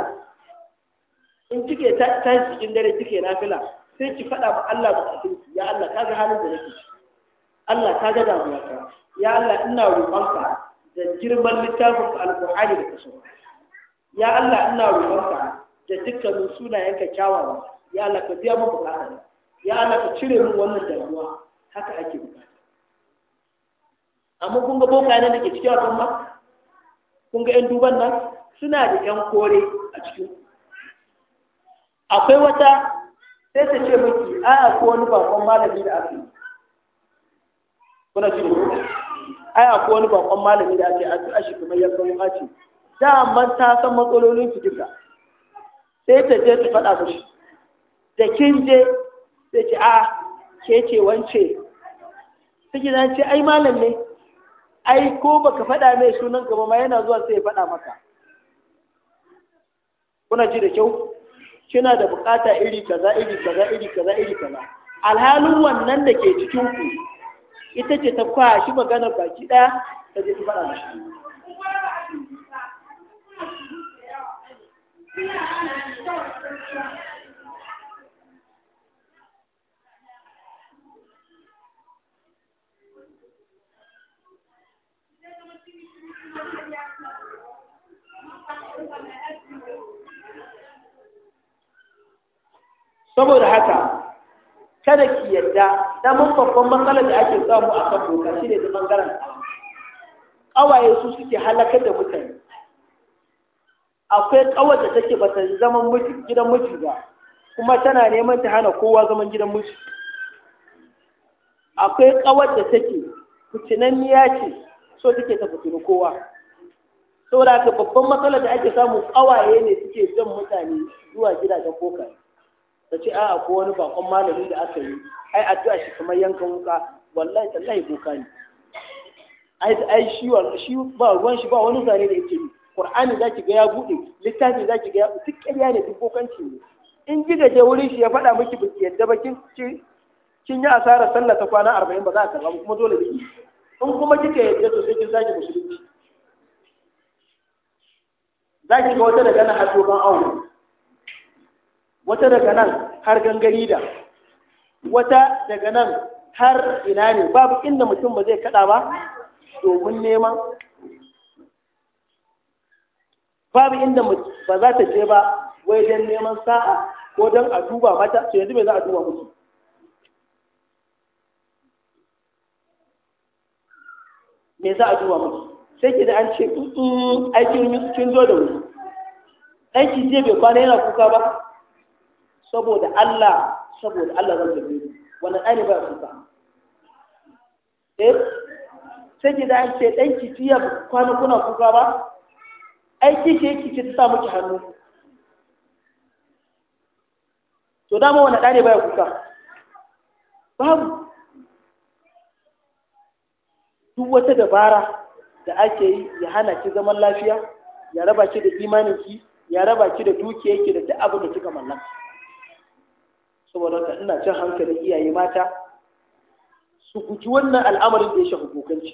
in kike tashi cikin dare kike fila sai ki faɗa ma Allah bukatun ya Allah ka ga halin da nake ciki Allah ka ga damuwa ta ya Allah ina roƙonka da girman littafin alƙur'ani da kaso ya Allah ina roƙonka da dukkanin ka kyawawa ya Allah ka biya mu bukatun ya Allah ka cire min wannan damuwa haka ake bukata amma kun ga boka ne da ke cikin al'umma kun ga 'yan duban nan suna da 'yan kore a cikin akwai wata sai ta ce miki a akwai wani bakon malami da ake kuna cikin kuma ai akwai wani bakon malami da ake a shi kuma ya kawo ɓaci daman ta san matsalolin su duka sai ta je ta faɗa mishi da kin je sai ce a ke ce wance sai ki ce ai malam ne ai ko baka faɗa mai sunan ka ba ma yana zuwa sai ya faɗa maka kuna ji da kyau kina da bukata iri kaza iri kaza iri kaza iri kaza alhalin wannan da ke cikin ku ita ce ta kwashi magana baki ɗaya ta je ta faɗa mashi saboda haka kada ki yarda mun babban matsalar da ake samu a kan doka shi ne ta ɓangaren ƙawaye su suke halakar da mutane akwai ƙawar da take ba ta zaman gidan miji ba kuma tana neman ta hana kowa zaman gidan miji akwai ƙawar da take fitinanniya ce so take ta fitini kowa saboda haka babban matsalar da ake samu ƙawaye ne suke jan mutane zuwa gidajen kokari ta ce a'a ko wani bakon malami da aka yi ai addu'a shi kamar yankan wuka wallahi tallahi boka ne ai ai shi shi ba ruwan shi ba wani zane da yake qur'ani zaki ga ya bude littafi zaki ga ya duk ƙarya ne duk bokanci ne in ji da wurin shi ya faɗa miki biki yadda ba kin kin yi asarar sallah ta kwana arba'in ba za a karɓa kuma dole da in kuma kika yadda to sai kin zaki musulunci za ki ga wata daga na hato kan aure wata daga nan har gangari da wata daga nan har ina ne babu inda mutum ba zai kada ba domin neman babu inda ba za ta je ba wai don neman sa'a ko don a duba mata to yanzu bai za a duba musu me za a duba musu sai ki da an ce mm, mm, aikin kin zo da wuri ɗan ki je bai kwana yana kuka ba saboda Allah saboda Allah zan tafi wannan ai ba su ta eh sai ki ce dan ki tiya kwana kuna kuka ba ai kike kike ta sa ki hannu to dama wannan dane baya kuka babu duk wata dabara da ake yi ya hana ki zaman lafiya ya raba ki da imaninki ya raba ki da dukiyarki da duk abin da kika mallaka saboda ka ina cin hankalin iyaye mata su guji wannan al'amarin da ya shafi bokanci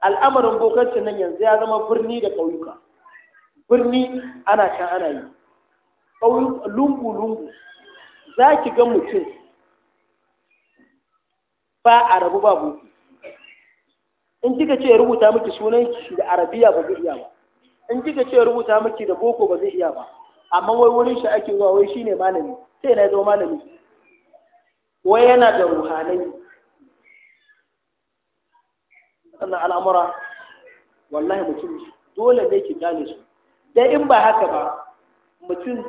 al'amarin bokanci nan yanzu ya zama birni da ƙauyuka birni ana can ana yi lungu-lungu za ki ga mutum ba a rabu ba boko in kika ce rubuta miki sunan shi da arabiya ba zai iya ba in kika ce rubuta miki da boko ba zai iya ba amma wai wurin shi ake zuwa wai shine malami sai na zo malami wai yana da ruhanai sannan al'amura wallahi mutum dole ne ki gane su dai in ba haka ba mutum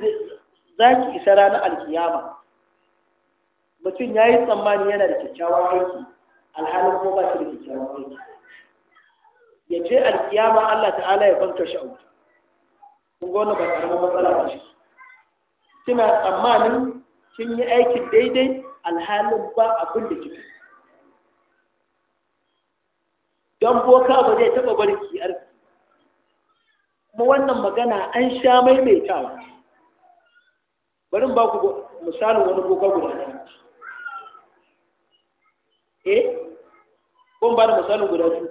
za ki isa ranar alkiyama mutum ya yi tsammani yana da kyakkyawan aiki alhalin ko ba shi da kyakkyawan aiki ya je alkiyama Allah ta'ala ya kwanta shi a wuta kun gona ba ba karamin matsala ba shi kina tsammanin kin yi aikin daidai alhalin ba abin da kike don boka ba zai taɓa bari ki arziki kuma wannan magana an sha maimaitawa bari ba ku misalin wani boka guda ɗaya eh ko ba da misalin guda biyu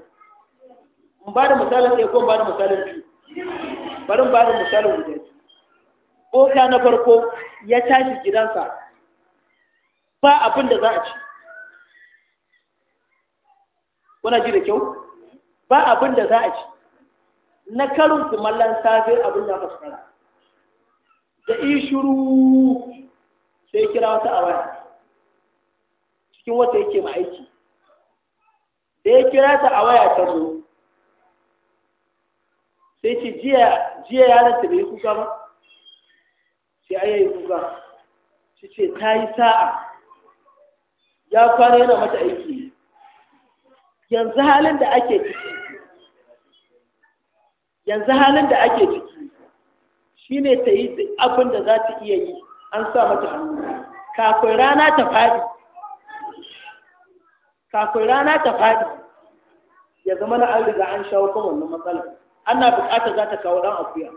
in ba da misalin ɗaya ko ba da misalin biyu bari ba da misalin guda boka na farko ya tashi gidansa ba abin da za a ci kuna ji da kyau ba abin da za a ci na karin kumallon safe abin da aka kara da yi shuru sai kira wata a waya cikin wata yake ma aiki da ya kira ta a waya ta zo sai ce jiya yaran ta bai kuka ba ba shi ce ta yi sa'a ya kwana yana mata aiki yanzu halin da ake ciki yanzu halin da ake ciki shi ne ta yi abin da za ta iya yi an sa mata hannu kafin rana ta faɗi kafin rana ta faɗi ya zama na an riga an shawo kan wannan matsalar ana buƙatar za ta kawo ɗan akuya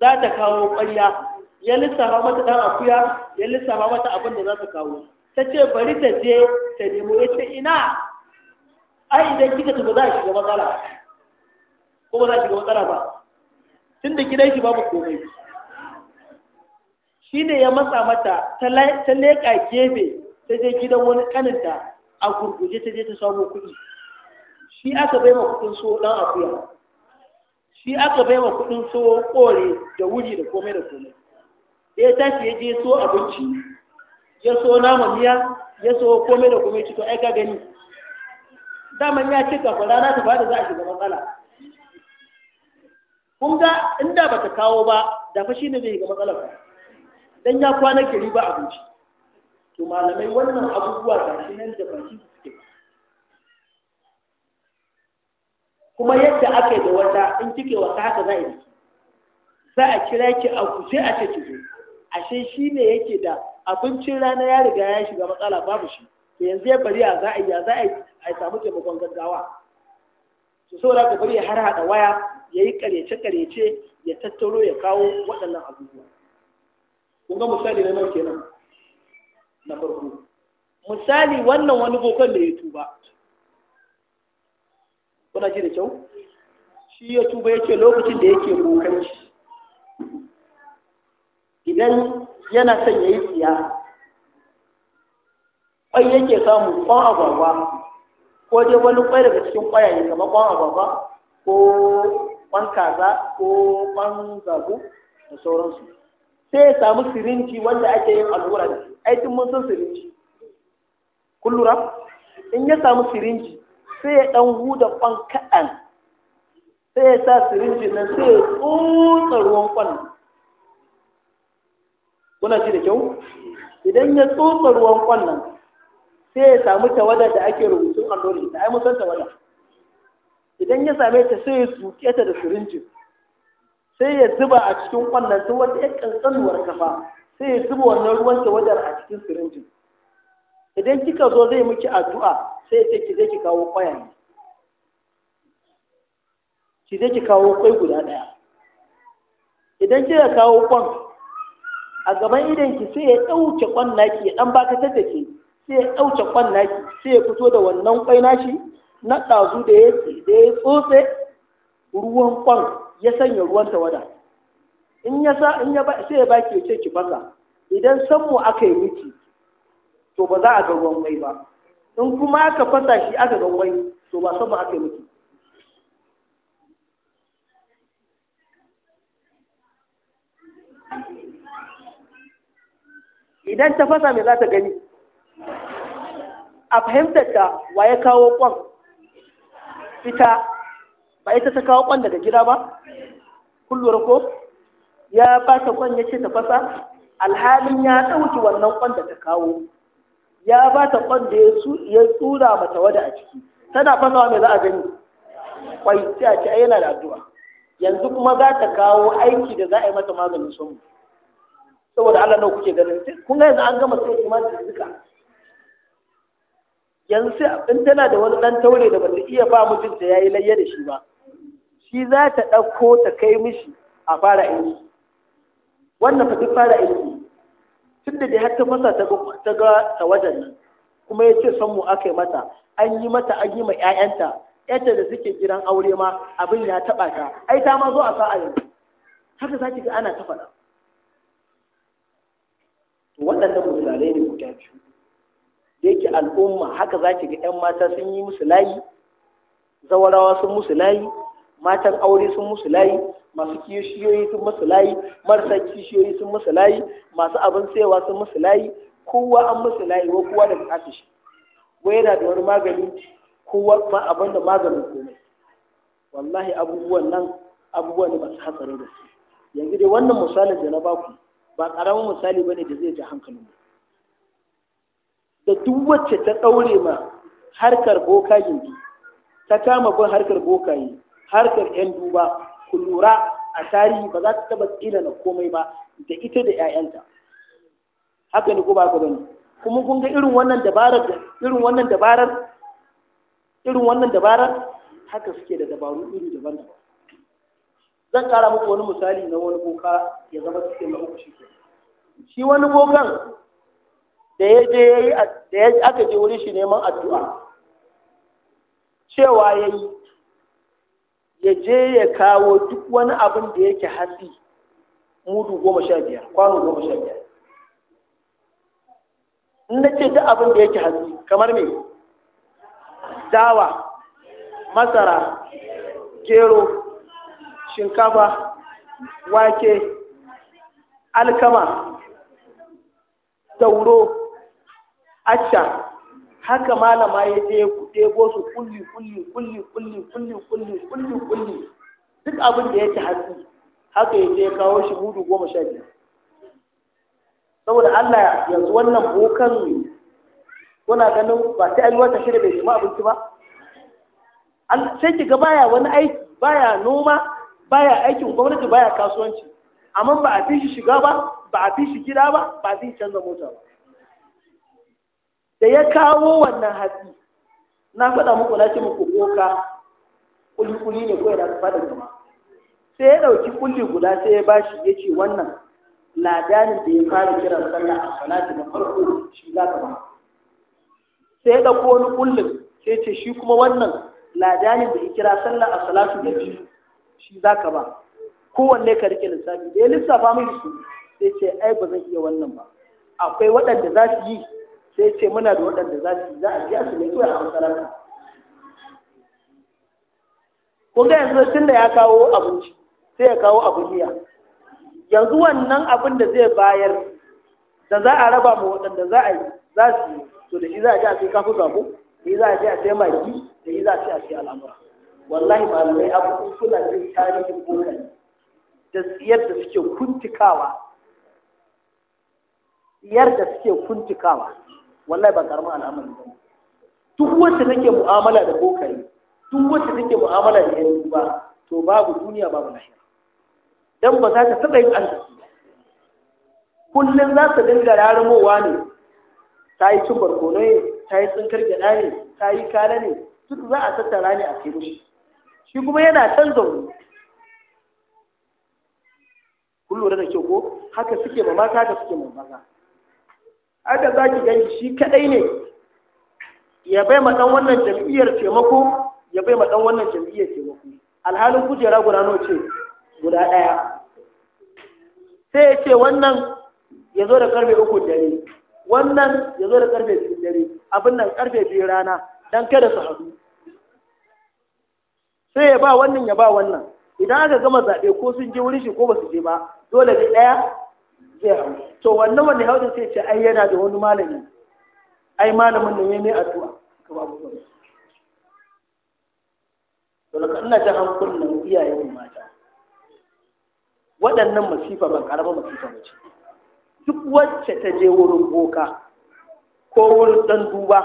za ta kawo ƙwarya ya lissafa mata ɗan akuya ya lissafa mata abin da za ta kawo ta ce bari ta je ta nemo ya ce ina ai idan kika tafi za a shiga matsala ko ba za a shiga matsala ba tun da gidan shi babu komai shi ne ya matsa mata ta leƙa gefe ta je gidan wani kaninta a gurguje ta je ta samu kuɗi shi aka bai ma kuɗin so ɗan akuya shi aka bai wa kudin so kore da wuri da komai da komai da ya tashi ya je so abinci ya so nama miya ya so komai da komai cikin aika gani daman ya ce kafin rana ta da za a shiga matsala kun ga inda ba ta kawo ba da fashi ne zai shiga matsala ba dan ya kwana kiri ba abinci to malamai wannan abubuwa ga shi nan da baki suke kuma yadda aka yi da wata in kike wata haka za a yi za a kira ki a kuce a ce ki ashe shi ne yake da abincin rana ya riga ya shiga matsala babu shi to yanzu ya bari a za a yi za a yi a samu taimakon gaggawa to da ka bari ya har hada waya ya yi karyace karyace ya tattaro ya kawo waɗannan abubuwa kun ga misali na nan kenan na farko misali wannan wani bokon da ya tuba kuna ji da kyau shi ya tuba yake lokacin da yake bokanci idan yana son ya yi tsiya ƙwai yake samun ƙwan agwagwa ko dai wani ƙwai daga cikin ƙwayaye kamar ƙwan agwagwa ko ƙwan kaza ko ƙwan zago da sauransu sai ya samu sirinci wanda ake yin allura da shi aikin mun san sirinci. kullura in ya samu sirinci sai ya ɗan huda ƙwan kaɗan sai ya sa sirinjin nan sai ya tsotsa ruwan ƙwan kuna ji da kyau idan ya tsotsa ruwan ƙwan nan sai ya samu tawada da ake rubutun allo da ita ai mun san tawada idan ya same ta sai ya tuke ta da sirinjin sai ya zuba a cikin ƙwan nan sai wata ƴan ƙanƙanuwar kafa sai ya zuba wannan ruwan tawadar a cikin sirinjin idan kika zo zai miki addu'a sai ce ki kawo kawo ne ki kawo kwai guda daya idan kika kawo kwan a gaban idan ki sai ya dauke kwan naki ya dan baka ta take sai ya dauke kwan naki sai ya fito da wannan kwai nashi na dazu da ya da ya tsotse ruwan kwan ya sanya ruwan tawada in ya sa in ya ba sai ya baki ya ce ki fasa idan sanmu aka yi miki to ba za a ga ruwan mai ba in kuma aka fasa shi aka ga wai to ba sama aka yi mutu idan ta fasa me za ta gani a fahimtar ta wa ya kawo kwan ita ba ita ta kawo kwan daga gida ba kullum ko ya ba ta kwan ya ce ta fasa alhalin ya ɗauki wannan kwan da ta kawo ya ba ta kwan da ya tsura mata wada a ciki tana fasawa mai za a gani kwai sai a ce yana da addu'a yanzu kuma za ta kawo aiki da za a yi mata maganin sun saboda Allah nawa kuke ganin kun ga yanzu an gama sai kuma ta zika yanzu sai in tana da wani dan taure da bata iya ba ya yayi layya da shi ba shi za ta ɗauko ta kai mishi a fara aiki wannan fa duk fara aiki tun da dai har ta ga ta ga nan kuma ya ce san mu aka yi mata an yi mata an yi ma 'ya'yanta yadda da suke gidan aure ma abin ya taɓa ta ai ta ma zo a sa'a yanzu haka za ki ga ana ta faɗa waɗannan misalai ne guda biyu da yake al'umma haka za ki ga 'yan mata sun yi musu layi zawarawa sun musu layi matan aure sun musu layi masu kishiyoyi sun musu layi marasa kishiyoyi sun musu layi masu abin sayawa sun musu layi kowa an musu layi wa kowa da bukatar shi wai yana da wani magani kowa ma abin da maganin komai wallahi abubuwan nan abubuwan ne masu hatsarin da su yanzu dai wannan misalin da na baku ba karamin misali bane da zai ji hankalin mu da duk wacce ta daure ma harkar boka yanzu ta kama bin harkar boka yi harkar yan duba ku lura a tarihi ba za ta taba tsira na komai ba da ita da 'ya'yanta haka ne ko ba ku bane kuma kun ga irin wannan dabarar irin wannan dabarar irin wannan dabarar haka suke da dabaru iri daban-daban zan kara muku wani misali na wani boka ya zama cikin na uku shi shi wani bokan da ya je yi aka je wurin shi neman addu'a cewa ya yi. ya je ya kawo duk wani abin da yake hatsi mudu goma sha biyar kwano goma sha biyar in na ce duk abin da yake hatsi kamar me dawa masara gero shinkafa wake alkama dauro acca haka malama ya je ɗebo su kulli kulli kulli kulli kulli kulli kulli kulli duk abin da ya ci hatsi haka ya je kawo shi hudu goma sha biyar saboda Allah yanzu wannan bokan kuna ganin ba sai an yi wata shirya bai shima abinci ba sai kiga baya wani aiki baya noma baya aikin gwamnati baya kasuwanci amma ba a fi shi shiga ba ba a fi shi gida ba ba a fi canza mota ba da ya kawo wannan hatsi na faɗa muku na ce muku boka kuli-kuli ne kawai da su faɗin gama sai ya ɗauki kulli guda sai ya bashi ya ce wannan ladanin da ya fara kira sallah a salati na farko shi za ka ba sai ya ɗauko wani kullin sai ce shi kuma wannan ladanin da ya kira sallah a salatu da biyu shi za ka ba kowanne ka rike lissafi da ya lissafa mai su sai ce ai ba zan iya wannan ba akwai waɗanda za su yi sai ce muna da waɗanda za su za a biya su ne kawai a masallaci ko ga yanzu tun da ya kawo abinci sai ya kawo abin miya yanzu wannan abin da zai bayar da za a raba mu waɗanda za a yi za su yi to da shi za a ji a sai kafin zabo da shi za a ji a sai maki da shi za a ci a sai al'amura wallahi malamai abubuwan suna jin tarihin bokani da yadda suke kuntikawa yadda suke kuntikawa wallahi ba karamin al'amari ba duk wacce take mu'amala da bokaye duk wacce take mu'amala da yanzu ba to babu duniya babu lahira dan ba za ta taba yin arziki kullum za ta dinga rarumowa ne ta yi cin barkono ne ta yi tsinkar gyaɗa ne ta yi kala ne duk za a tattara ne a kai mushi shi kuma yana can zaune kun lura da kyau ko haka suke ma mata haka suke ma maza haka za ki gani shi kadai ne ya bai ma dan wannan jam'iyyar taimako ya bai ma wannan jam'iyyar taimako alhalin kujera guda no ce guda ɗaya sai ya ce wannan ya zo da karfe uku dare wannan ya zo da karfe biyu dare abin nan karfe biyu rana don kada su haɗu sai ya ba wannan ya ba wannan idan aka gama zaɓe ko sun je wurin shi ko ba su je ba dole ne ɗaya zai hau to wannan wanda hau sai ce ai yana da wani malami ai malamin nan yayi mai addu'a ka babu ba to laka ina ta iyaye mu mata waɗannan masifa ban ƙaramar masifa ba ce duk wacce ta je wurin boka ko wurin ɗan duba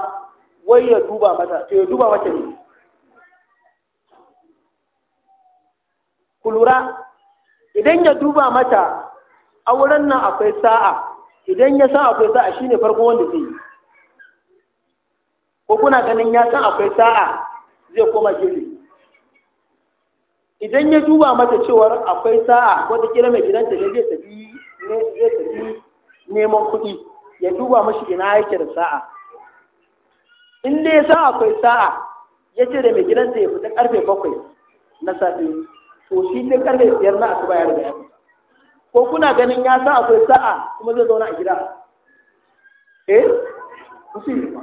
wai ya duba mata to ya duba mata ne Kulura, idan ya duba mata auren nan akwai sa'a idan ya san akwai sa'a shine farko wanda zai yi ko kuna ganin ya san akwai sa'a zai koma gefe idan ya duba mata cewar akwai sa'a wata kila mai gidanta ne zai tafi zai tafi neman kuɗi ya duba mashi ina yake da sa'a in dai ya san akwai sa'a ya ce da mai gidansa ya fita karfe bakwai na safe to shi ne karfe biyar na asuba ya riga ya fita ko kuna ganin ya sa akwai sa'a kuma zai zauna a gida eh yi ba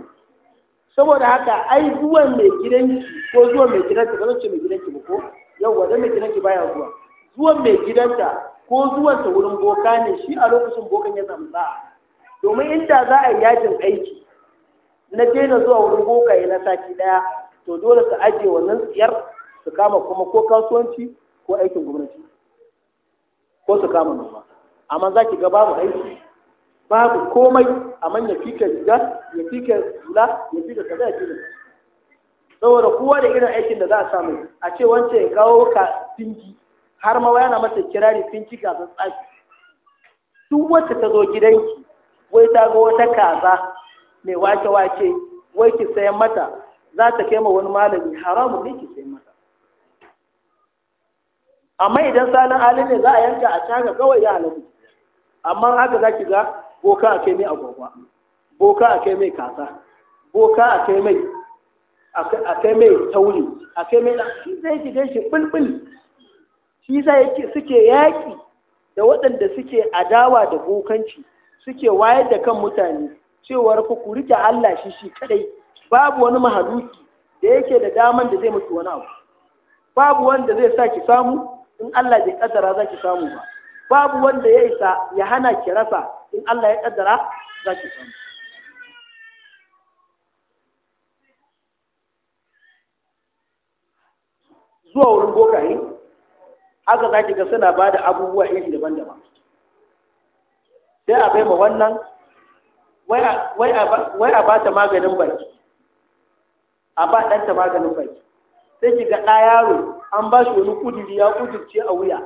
saboda haka ai zuwan mai gidanki ko zuwan mai gidanki ba ce mai gidanki ba ko yau dan mai gidanki baya zuwa zuwan mai gidanta ko zuwan ta wurin boka ne shi a lokacin bokan ya samu sa'a domin inda za a yi yajin aiki na daina zuwa wurin boka ya na sati daya to dole su ajiye wannan tsiyar su kama kuma ko kasuwanci ko aikin gwamnati ko su kama noma amma za ki ga babu aiki babu komai amma manya fika riga ya fika hula ya fika kaza ya fika saboda kowa da irin aikin da za a samu a ce wance ya kawo ka tinki har ma wayana mata kirari ga kafin tsaki duk wacce ta zo gidanki wai ta ga wata kaza mai wake-wake wai ki sayan mata za ta kai ma wani malami haramun ne ki sayan mata amma idan sanin halin ne za a yanka a caga kawai ya halabu amma haka za ki ga boka a kai mai agwagwa boka a kai mai kasa boka a kai mai a kai mai tauri a kai mai shi zai ki gan shi bulbul shi zai suke yaƙi da waɗanda suke adawa da bokanci suke wayar da kan mutane cewar ku ku rike Allah shi shi kadai babu wani mahaluki da yake da daman da zai mutu wani abu babu wanda zai sa ki samu in Allah bai kaddara za ki samu ba babu wanda ya isa ya hana ki rasa in Allah ya kaddara za ki samu zuwa wurin bokaye haka za ki ga suna ba da abubuwa iri daban-daban sai a bai ma wannan wai a ba ta maganin baki a ba ɗanta maganin baki sai ki ga ɗaya yaro an ba shi wani kudiri ya kudirce a wuya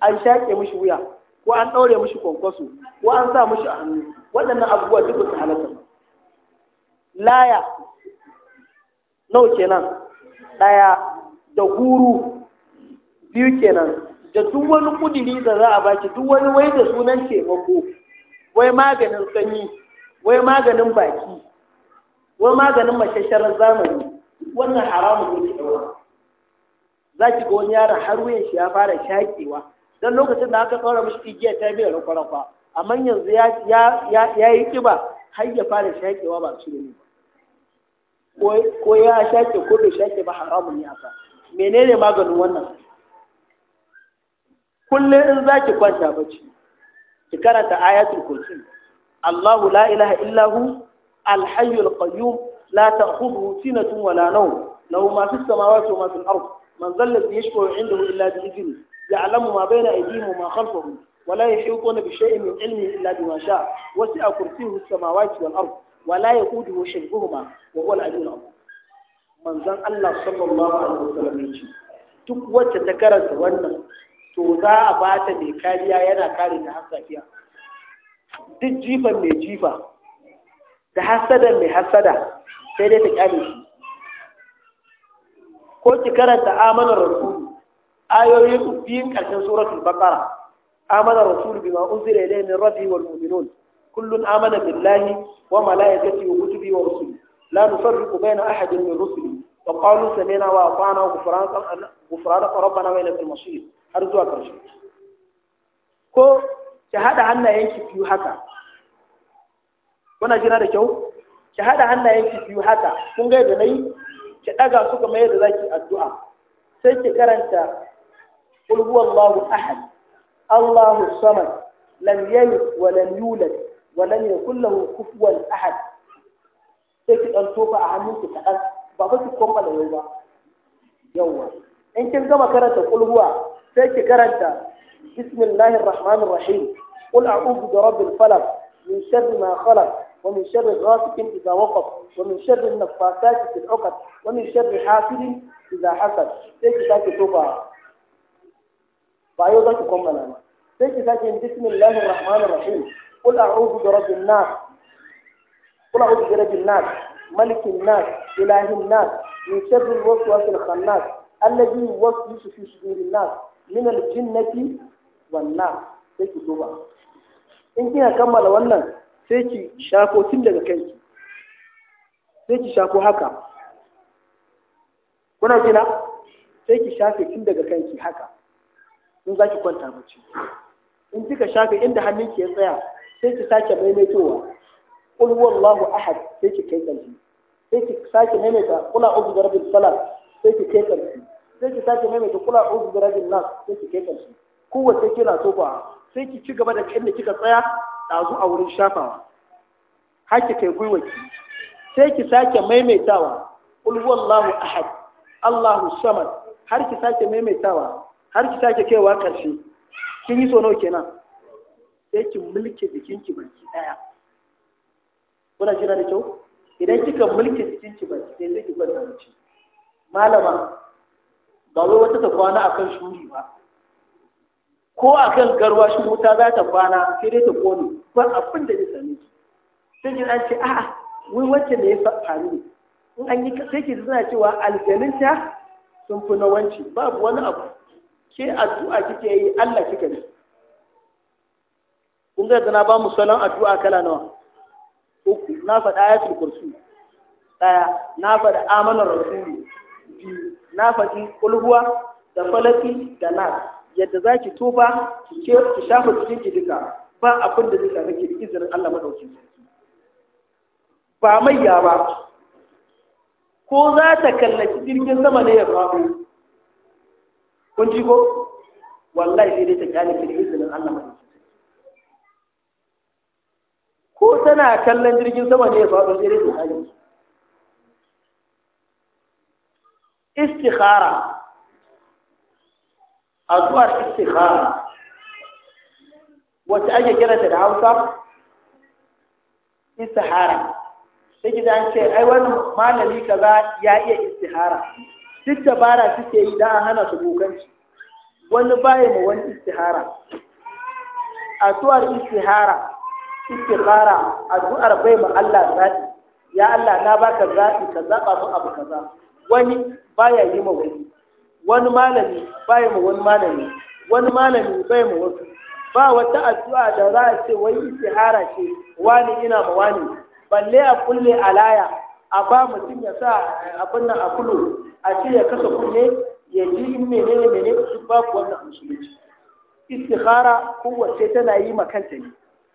an shaƙe mishi wuya ko an ɗaure mishi kwankwaso ko an sa mishi a hannu waɗannan abubuwa duk su halatta laya nawa kenan ɗaya da guru biyu kenan da duk wani kudiri da za a baki duk wani wai da sunan taimako wai maganin sanyi wai maganin baki wai maganin mashasharar zamani wannan haramun ne ke ɗaura za ki ga wani yaron har wuyan shi ya fara shaƙewa don lokacin da aka tsora mishi igiyar ta biya rakwarakwa amma yanzu ya yi kiba har ya fara shaƙewa ba su ne ko ya shaƙe ko bai shaƙe ba haramun ya sa menene maganin wannan kullum in za ki kwanta bacci ki karanta ayatul kursi Allahu la ilaha illahu alhayyul qayyum la ta'khudhuhu sinatun wala nawm lahu ma fis samawati wa ma fil ardh man zalla bi yashfa'u indahu illa bi idni ya'lamu ma bayna aydihim wa ma khalfahum wa la yuhituna bi shay'in min ilmihi illa bima sha'a wasi'a kursiyyuhu as-samawati wal ard wa la yaquduhu shibhuhuma wa huwa al-'aliyyul 'azim manzon Allah sallallahu alaihi wasallam ya ce duk wacce ta karanta wannan to za a ba ta mai kariya yana kare ta har duk jifan mai jifa da hasada mai hasada sai dai ta kyale ko ki karanta amanar rasul ayoyin biyun karshen suratul baqara amanar rasul bima unzila ilayhi min rabbi wal mu'minun kullun amana billahi wa malaikatihi wa kutubihi wa rusuli la nufarriqu bayna ahadin min rusuli wa qalu sami'na wa ata'na ghufrana rabbana wa ilaykal masir har zuwa karshe ko ki hada hannayenki biyu haka kuna jira da kyau ki hada hannayenki biyu haka kun ga da nayi ki ɗaga su kamar yadda za addu'a sai ki karanta qul huwallahu ahad allahu samad lam yalid wa lam yulad wa lam yakul lahu kufuwan ahad sai ki ɗan tofa a hannunki kaɗan ba fa ki da yau ba yawwa in kin gama karanta kulhuwa sai ki karanta bismillahir rahmanir rahim qul a'udhu bi rabbil falaq min sharri ma khalaq ومن شر غاسق إذا وقف ومن شر النفاثات في العقد ومن شر حاسد إذا حسد sai ki sake tofa ba yau za ki sai ki sake yin rahim qul a'udhu bi nas qul a'udhu bi nas malikin nas ilahin nas min sharri waswasil khannas alladhi yuwaswisu fi sudurin nas min al-jinnati wan nas sai in kina kammala wannan sai ki shafo tun daga kanki sai ki shafo haka kuna gina sai ki shafe tun daga kanki haka in za ki kwanta bacci in kika shafe inda hannunki ya tsaya sai ki sake maimaitowa qul wallahu ahad sai ki kai kanki sai ki sake maimaita qul a'udhu bi rabbil falaq sai ki kai kanki sai ki sake maimaita qul a'udhu bi rabbin nas sai ki kai kanki kowace kina tofa sai ki ci gaba da inda kika tsaya ɗazu a wurin shafawa haki kai gwiwaki, sai ki sake maimaitawa qul ahad allahu samad har ki sake maimaitawa har ki sake kaiwa ƙarshe kin yi sono kenan sai ki mulke jikinki baki ɗaya. kuna jira da kyau idan kika mulke jikinki baki daya sai ki gwada mace malama ba wai wata ta kwana kan shuri ba ko a kan garwa shi wuta za ta kwana sai dai ta kone ba abin da zai same su sai ji an ce a'a wai wacce ne ya faru ne in an yi sai ki suna cewa aljalinta sun fi na wanci babu wani abu ke addu'a kike yi Allah kika ne kun ga na ba mu salon addu'a kala nawa uku na faɗa ya fi kursu ɗaya na faɗi amanar rasuli biyu na faɗi kulhuwa da falafi da nasu yadda za ki tuba ki shafa cikin ki duka ba abin da zai same ki izinin Allah madaukin sarki ba ya ba ko za ta kallaci jirgin sama ne ya faɗo kun ji ko wallahi sai dai ta kyale ki izinin Allah madaukin ko tana kallon jirgin sama ne ya don sai dai ta kyale istikhara addu'ar istikhara wacce ake kiranta da Hausa istihara sai ki an ce ai wani malami kaza ya iya istihara duk dabara suke yi dan hana su bokanci wani baya ma wani istihara addu'ar istihara istikhara addu'ar bai ma Allah zaɓi ya Allah na baka zaɓi ka zaɓa abu kaza wani baya yi ma wani wani malami bai mu wani malami wani malami bai mu wasu ba wata addu'a da za a ce wai istihara ce wani ina ma wani balle a kulle alaya a ba mutum ya sa abin nan a kulo a ce ya kasa kunne ya ji in menene menene su ku wannan musulunci Istihara kowace tana yi ma kanta ne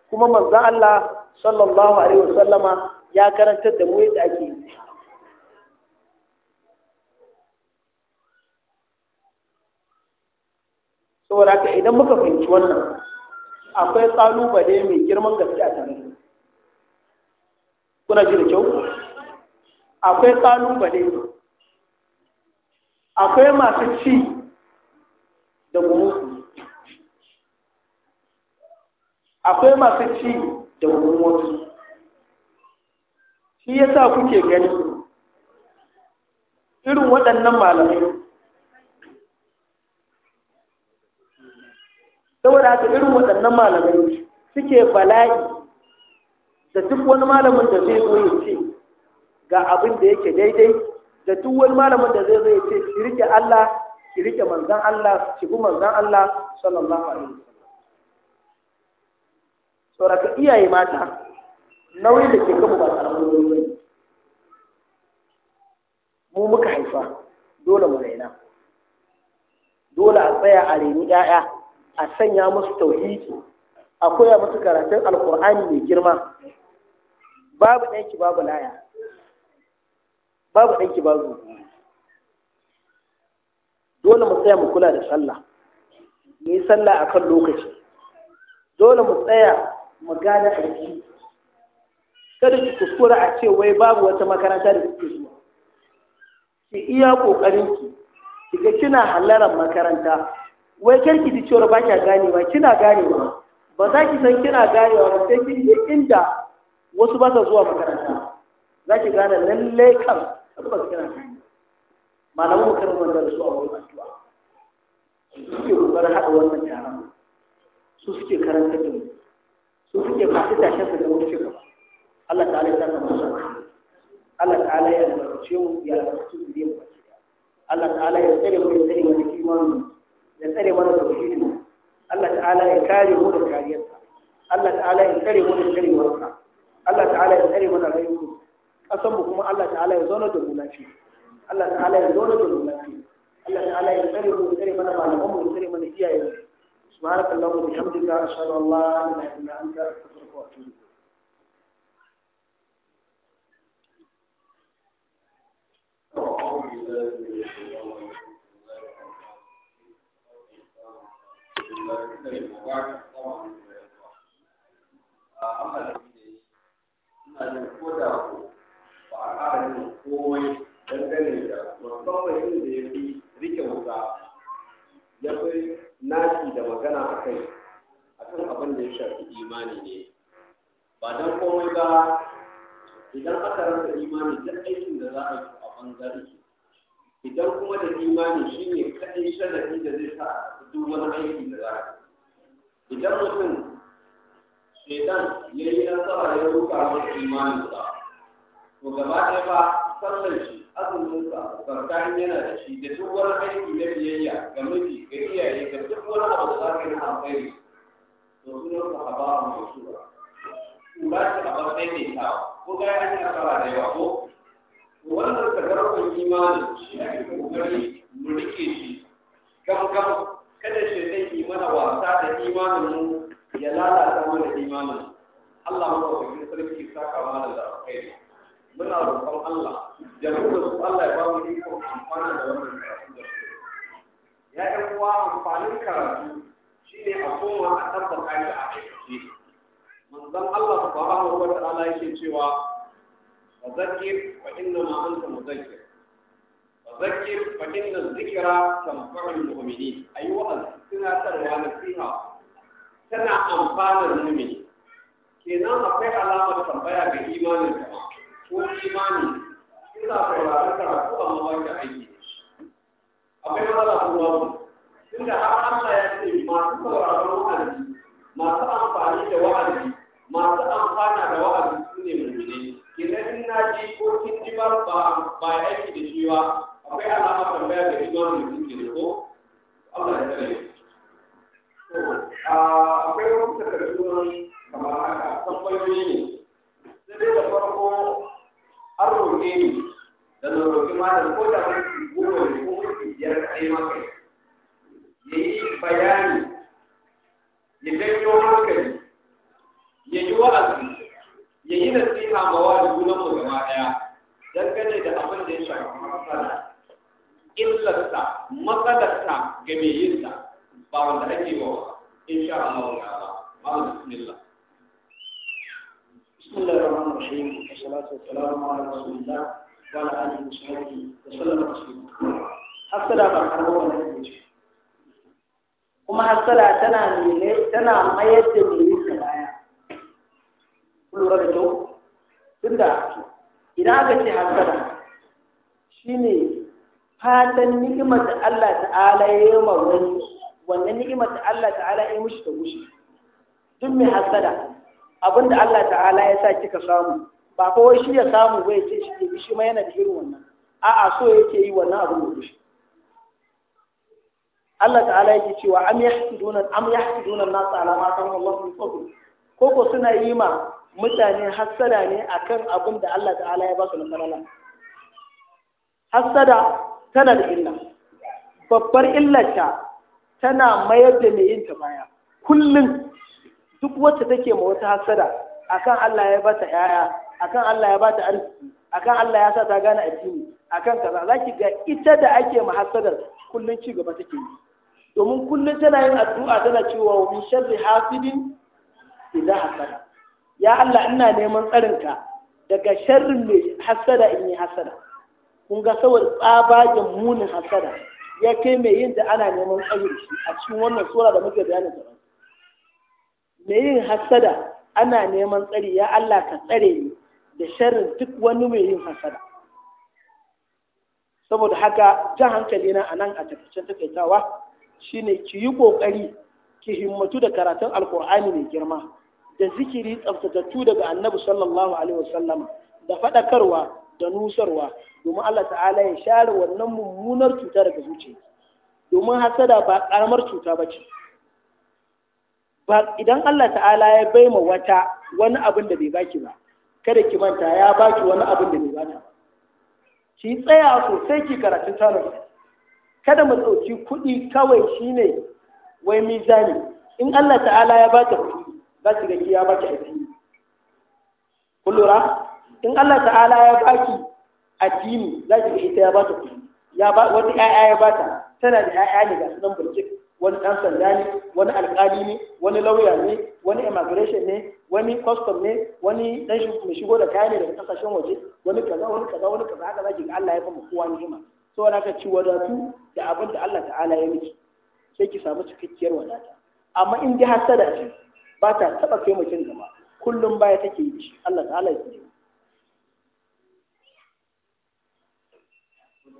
kuma manzo Allah sallallahu alaihi wasallama ya karantar da mu yadda ake yi saboda haka idan muka fahimci wannan akwai kalubale mai girman gaske a tare kuna ji da kyau akwai kalubale akwai masu ci da gumu akwai masu ci da gumusu shi yasa kuke gani irin waɗannan malamai saboda haka irin waɗannan malamai suke bala'i da duk wani malamin da zai zo ya ce ga abin da yake daidai da duk wani malamin da zai zo ya ce ki rike Allah ki rike manzon Allah ki bi manzon Allah sallallahu alaihi wasallam saboda iyaye mata nauyin da ke kama ba a nauyi mu muka haifa dole mu raina dole a tsaya a reni 'ya'ya a sanya musu tauhidi a koya musu karatun alkur'ani mai girma babu ɗanki babu laya babu ɗanki babu dole mu tsaya mu kula da sallah mu yi sallah a kan lokaci dole mu tsaya mu gane ƙarfi. kada ki kuskura a ce wai babu wata makaranta da kuke zuwa ki iya ƙoƙarinki ki ga kina halarar makaranta wai kirki da cewa ba kya ganewa kina ganewa ba za ki san kina ganewa ba sai kin je inda wasu ba sa zuwa makaranta za ki gane lalle kan ba su kina malamu mu kan wanda su a wurin addu'a su suke kokarin haɗa wannan taron su suke karanta da mu su suke fasu tashin da wuce gaba Allah ta'ala ya saka musu Allah ta'ala ya albarkace mu ya albarkace mu Allah ta'ala ya tsare mu ya tsare mu kimanin mana tauhidi Allah ta'ala ya kare mu da kariyarsa Allah ta'ala ya kare mu da karewarsa Allah ta'ala ya kare mana rayuwa kasan mu kuma Allah ta'ala ya zauna da mu lafiya Allah ta'ala ya zauna da mu lafiya Allah ta'ala ya kare mu da kare mana malaman mu da kare mana iyayen mu سبحانك اللهم وبحمدك اشهد ان لا اله الا انت استغفرك واتوب اليك Thank you. daga inda ya kowa sama ne da yawa a amma da shi ina da ko ba a ƙara yin komai dangane da babban yin da ya fi rike wuta ya fi naki da magana a kai a kan abin da ya shafi imani ne ba don komai ba idan aka rasa imani duk aikin da za a yi bangare idan kuma da imani shine kaɗai sharadi da zai sa duk wani aiki da za ka idan mutum shaitan ya yi nasara ya ruka masa imaninsa to gaba ɗaya ba sannan shi azumin sa tsarkanin yana da shi da duk wani aiki na biyayya ga miji ga iyaye ga duk wani abu da za ka yi na alkhairi to sunan ka ba a mai shura kura shi a bar ta ko ga ya yi nasara da yawa ko wannan ka garkon imanin shi ake kokari mu rike shi gam gam kada shi ne yi mana wasa da imanin mu ya lalata mana imanin Allah madaukakin sarki saka mana da alkhairi muna roƙon Allah ya da su Allah ya ba mu iko amfana da wannan karatu da su ya ɗan uwa amfanin karatu shine a koma a tabbata da a aikace manzon Allah subhanahu wa ta'ala yake cewa wa zakir wa inna ma anta muzakkir zakir fa inna dhikra tanfa'ul mu'minin ayu al tana tarwa na fiha tana amfana mu'mini kenan akwai alama tambaya ga imanin ko imani ina fara ka ko amma ba ka aiki akwai wala ruwa inda har Allah ya ce masu sauraron wa'azi masu amfani da wa'azi masu amfana da wa'azi su ne mu'mini kenan ina ji ko kin ji ba aiki da shi akwai alama tambaya da idon mutum ke ko Allah ya tsare akwai wasu takardun kamar haka tambayoyi ne sai dai da farko an roƙe ni da na roƙi malam ko da mutum goma ne ko mutum biyar kaɗai ma kai ya yi bayani ya janyo hankali ya yi wa'azi ya yi nasiha ma wa da gudanmu gaba ɗaya dangane da abin da ya shafi masana illarsa matsalarsa ga mai yinsa ba wanda ake wa insha Allah ta'ala ma'a bismillah بسم الله الرحمن الرحيم والصلاة والسلام على رسول الله وعلى ba wannan kuma hasala tana nune tana mayar da mai yinsa baya lura da kyau tunda idan aka ce hasala shine fatan ni'imar da Allah ta'ala ya yi wa wani wannan ni'imar da Allah ta'ala ya yi mushi ta mushi? duk mai hasada da Allah ta'ala ya sa kika samu ba kawai shi ya samu ba ya ce shi ke shi ma yana da irin wannan a'a so yake yi wannan abin da gushe Allah ta'ala yake cewa am yahsiduna am yahsiduna an-nas ala ma kana Allah min koko suna yi ma mutane hassada ne akan abin da Allah ta'ala ya ba su na falala hassada tana da illa babbar illarta tana mayar da mai yinta baya kullum duk wacce take ma wata hasada akan Allah ya bata yaya akan Allah ya bata arziki akan Allah ya sa ta gane addini akan kaza zaki ga ita da ake ma hasadar kullum ci gaba take yi domin kullum tana yin addu'a tana cewa wa min sharri hasidin idza hasada ya Allah ina neman tsarinka daga sharrin mai hasada in yi hasada kun ga saboda tsabagen munin hasada ya kai mai yin da ana neman tsari shi a cikin wannan sura da muke da ta mai yin hasada ana neman tsari ya Allah ka tsare ni da sharrin duk wani mai yin hasada saboda haka jan hankali na anan a takaicen takaitawa shine ki yi kokari ki himmatu da karatun alkur'ani mai girma da zikiri tsaftatattu daga annabi sallallahu alaihi wasallama da faɗakarwa da nusarwa domin Allah ta'ala ya share wannan mummunar cuta daga zuciya domin hasada ba karamar cuta ba ce idan Allah ta'ala ya bai wata wani abin da bai baki ba kada ki manta ya baki wani abin da bai baka. ki tsaya sosai ki karatun tsarin kada mu dauki kuɗi kawai shine wai mizani in Allah ta'ala ya bata kuɗi za ki ga ya baki aiki kullura in Allah ta'ala ya baki addini za ki ga ita ya ba ta kuɗi ya ba wata ƴaƴa ya ba tana da ƴaƴa ne ga sunan burkit wani ɗan sanda ne wani alƙali ne wani lauya ne wani immigration ne wani custom ne wani ɗan mai shigo da kaya ne daga ƙasashen waje wani kaza wani kaza wani kaza haka za ga Allah ya fama kowa ni'ima so na ka ci wadatu da abin da Allah ta'ala ya miki sai ki samu cikakkiyar wadata amma in ji hasada ce ba ta taba kai mutum gaba kullum baya take yi Allah ta'ala ya tsare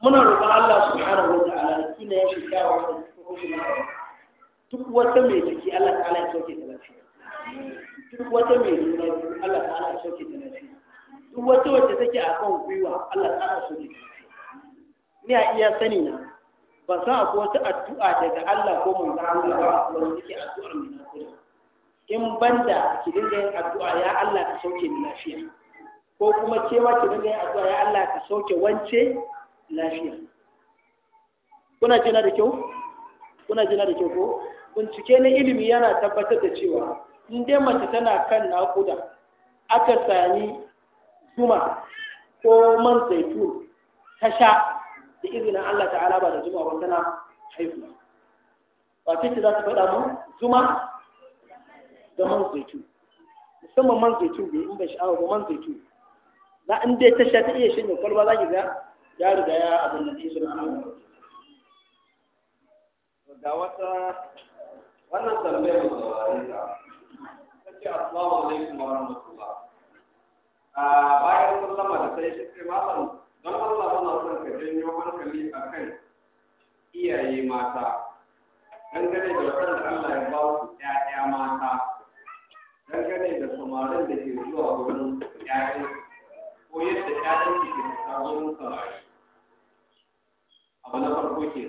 muna roƙon Allah subhanahu wa ta'ala da kina ya shi kawo da cikin duk wata mai jiki Allah ta'ala ya sauke ta lafiya duk wata mai juna biyu Allah ta'ala ya sauke ta lafiya duk wata wacce take a kan gwiwa Allah ta'ala ya sauke ta ni a iya sani na ba san akwai wata addu'a daga Allah ko manzon Allah ba wanda take addu'ar mai nakuda in banda ki dinga yin addu'a ya Allah ka sauke ni lafiya ko kuma ke ma ki dinga yin addu'a ya Allah ka sauke wance lafiya kuna jina da kyau kuna jina da kyau ko bincike na ilimi yana tabbatar da cewa in mace tana kan naƙuda aka sami zuma ko man zaitun ta sha da izinin Allah ta'ala ba da zuma ba tana haihuwa ba ce za su faɗa mu? zuma da man musamman man zaitun bai in bai sha'awa ba man zaitun za in dai ta sha ta iya shanye kwalba za ki ga ya riga ya abin da nishin an ga wata wannan tambayar da wani ta ce assalamu alaikum wa rahmatullah a bayan sallama da sai shi ce malam don Allah muna son ka janyo hankali akan iyaye mata dangane da waɗanda Allah ya ba su ‘ya'ya mata dangane da samarin da ke zuwa wurin ‘ya'yan ko yadda ‘ya'yan ke fita wurin samari abu na farko ke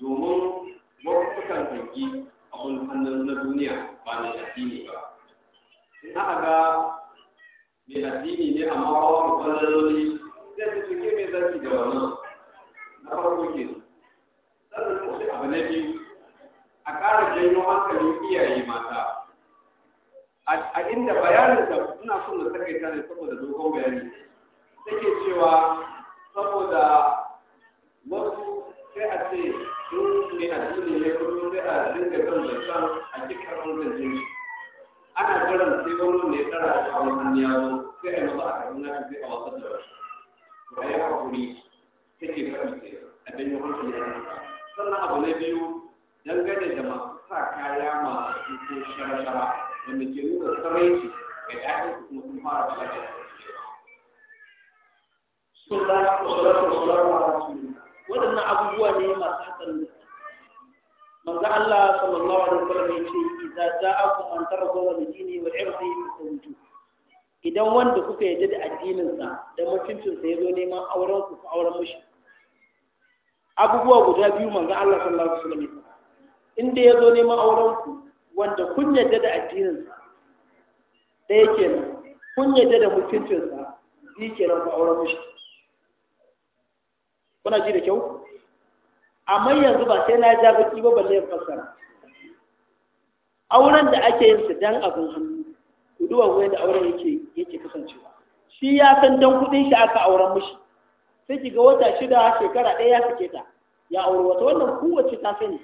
domin lokutan zargi abun hannun na duniya ba na addini ba in aka ga mai addini ne amma ba wani kwanzaloli zai fi suke mai zafi da wannan na farko ke sannan sai abu na biyu a ƙara janyo hankalin iyaye mata a inda bayanin da suna son na sakaita ne saboda dogon bayani take cewa saboda wasu sai a ce sun ne a cikin ne kuma sai a dinga kan da kan a cikin karfin da jini ana jiran sai wani ne tsara da kawo an yawo sai a yi masa a karfin na sai a wasan da rashi to a yi hakuri take faɗi ce a janyo hankali a kan sannan abu na biyu dangane da masu sa kaya masu ko shara-shara wanda ke nuna sarrafi ga ɗayan su kuma sun fara balaga sun lalata wasu rasu wasu rasu waɗannan abubuwa ne masu hatsarin da manzo Allah sallallahu alaihi wasallam ya ce idza an man tarzaw dini wal irdi fasawju idan wanda kuka yarda da addinin sa da mutuncin sa yazo neman auren ku ku auren mushi. abubuwa guda biyu manzo Allah sallallahu alaihi wasallam ya ce inda yazo neman auren ku wanda kun yarda da addinin sa da yake kun yarda da mutuncin sa biyu kenan ku auren mushi. kuna ji da kyau amma yanzu ba sai na ja baki ba balle fassara auren da ake yin su dan abin hannu ku duba wai da auren yake yake kasancewa shi ya san dan kudin shi aka auren mishi sai ki ga wata shida shekara ɗaya ya sake ta ya aure wata wannan kowace ta sani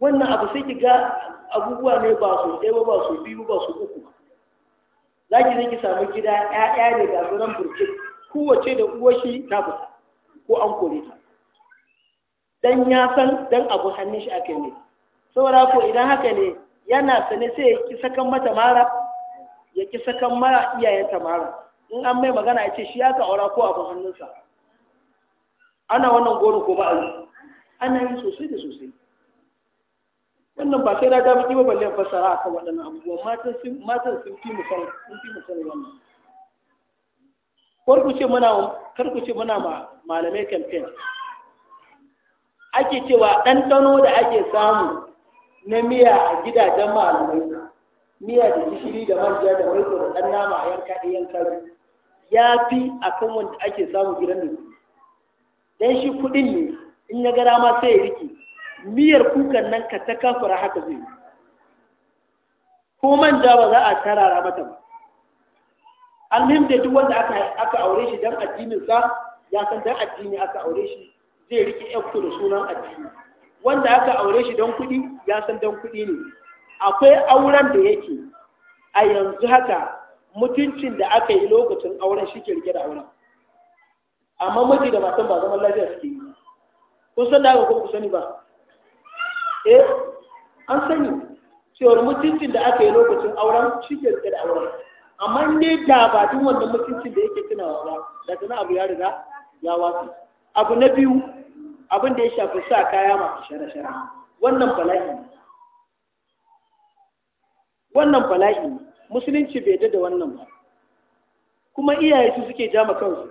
wannan abu sai ki ga abubuwa ne ba su ɗaya ba su biyu ba su uku za ki zai ki samu gida ƴaƴa ne ga zuran burkina kowace da uwashi ta fita ko an kore ta dan ya san dan abu hannun shi aka ne saboda ko idan haka ne yana sane sai ya ki sakan mata mara ya ki sakan mara iyayenta mara in an mai magana ya ce shi ya ka aura ko abu hannunsa ana wannan goro ko ba ana yi sosai da sosai wannan ba sai na ga miki ba balle fassara akan waɗannan matan sun fi mu wannan kar ku ce muna ma malamai campaign ake cewa ɗanɗano da ake samu na miya a gidajen malamai miya da gishiri da manja da maiko da ɗan nama a yanka da yanka ya fi a kan wanda ake samu gidan da dan shi kuɗin ne in ya gara ma sai ya miyar kukan nan ka ta kafura haka zai ko manja ba za a tarara mata ba alhim da duk wanda aka aure shi dan addininsa ya san dan addini aka aure shi zai rike yakku da sunan addini wanda aka aure shi dan kuɗi ya san dan kuɗi ne akwai auren da yake a yanzu haka mutuncin da aka yi lokacin auren shi ke rike da auren amma miji da matan ba zaman lafiya suke yi kun san da haka ku sani ba eh an sani cewar mutuncin da aka yi lokacin auren shi ke rike da auren amma ne da ba duk wannan mutunci da yake tunawa ba da tana abu ya riga ya wasu abu na biyu abin da ya shafi sa kaya masu shara-shara wannan bala'i ne wannan bala'i musulunci bai da wannan ba kuma iyaye su suke jama kansu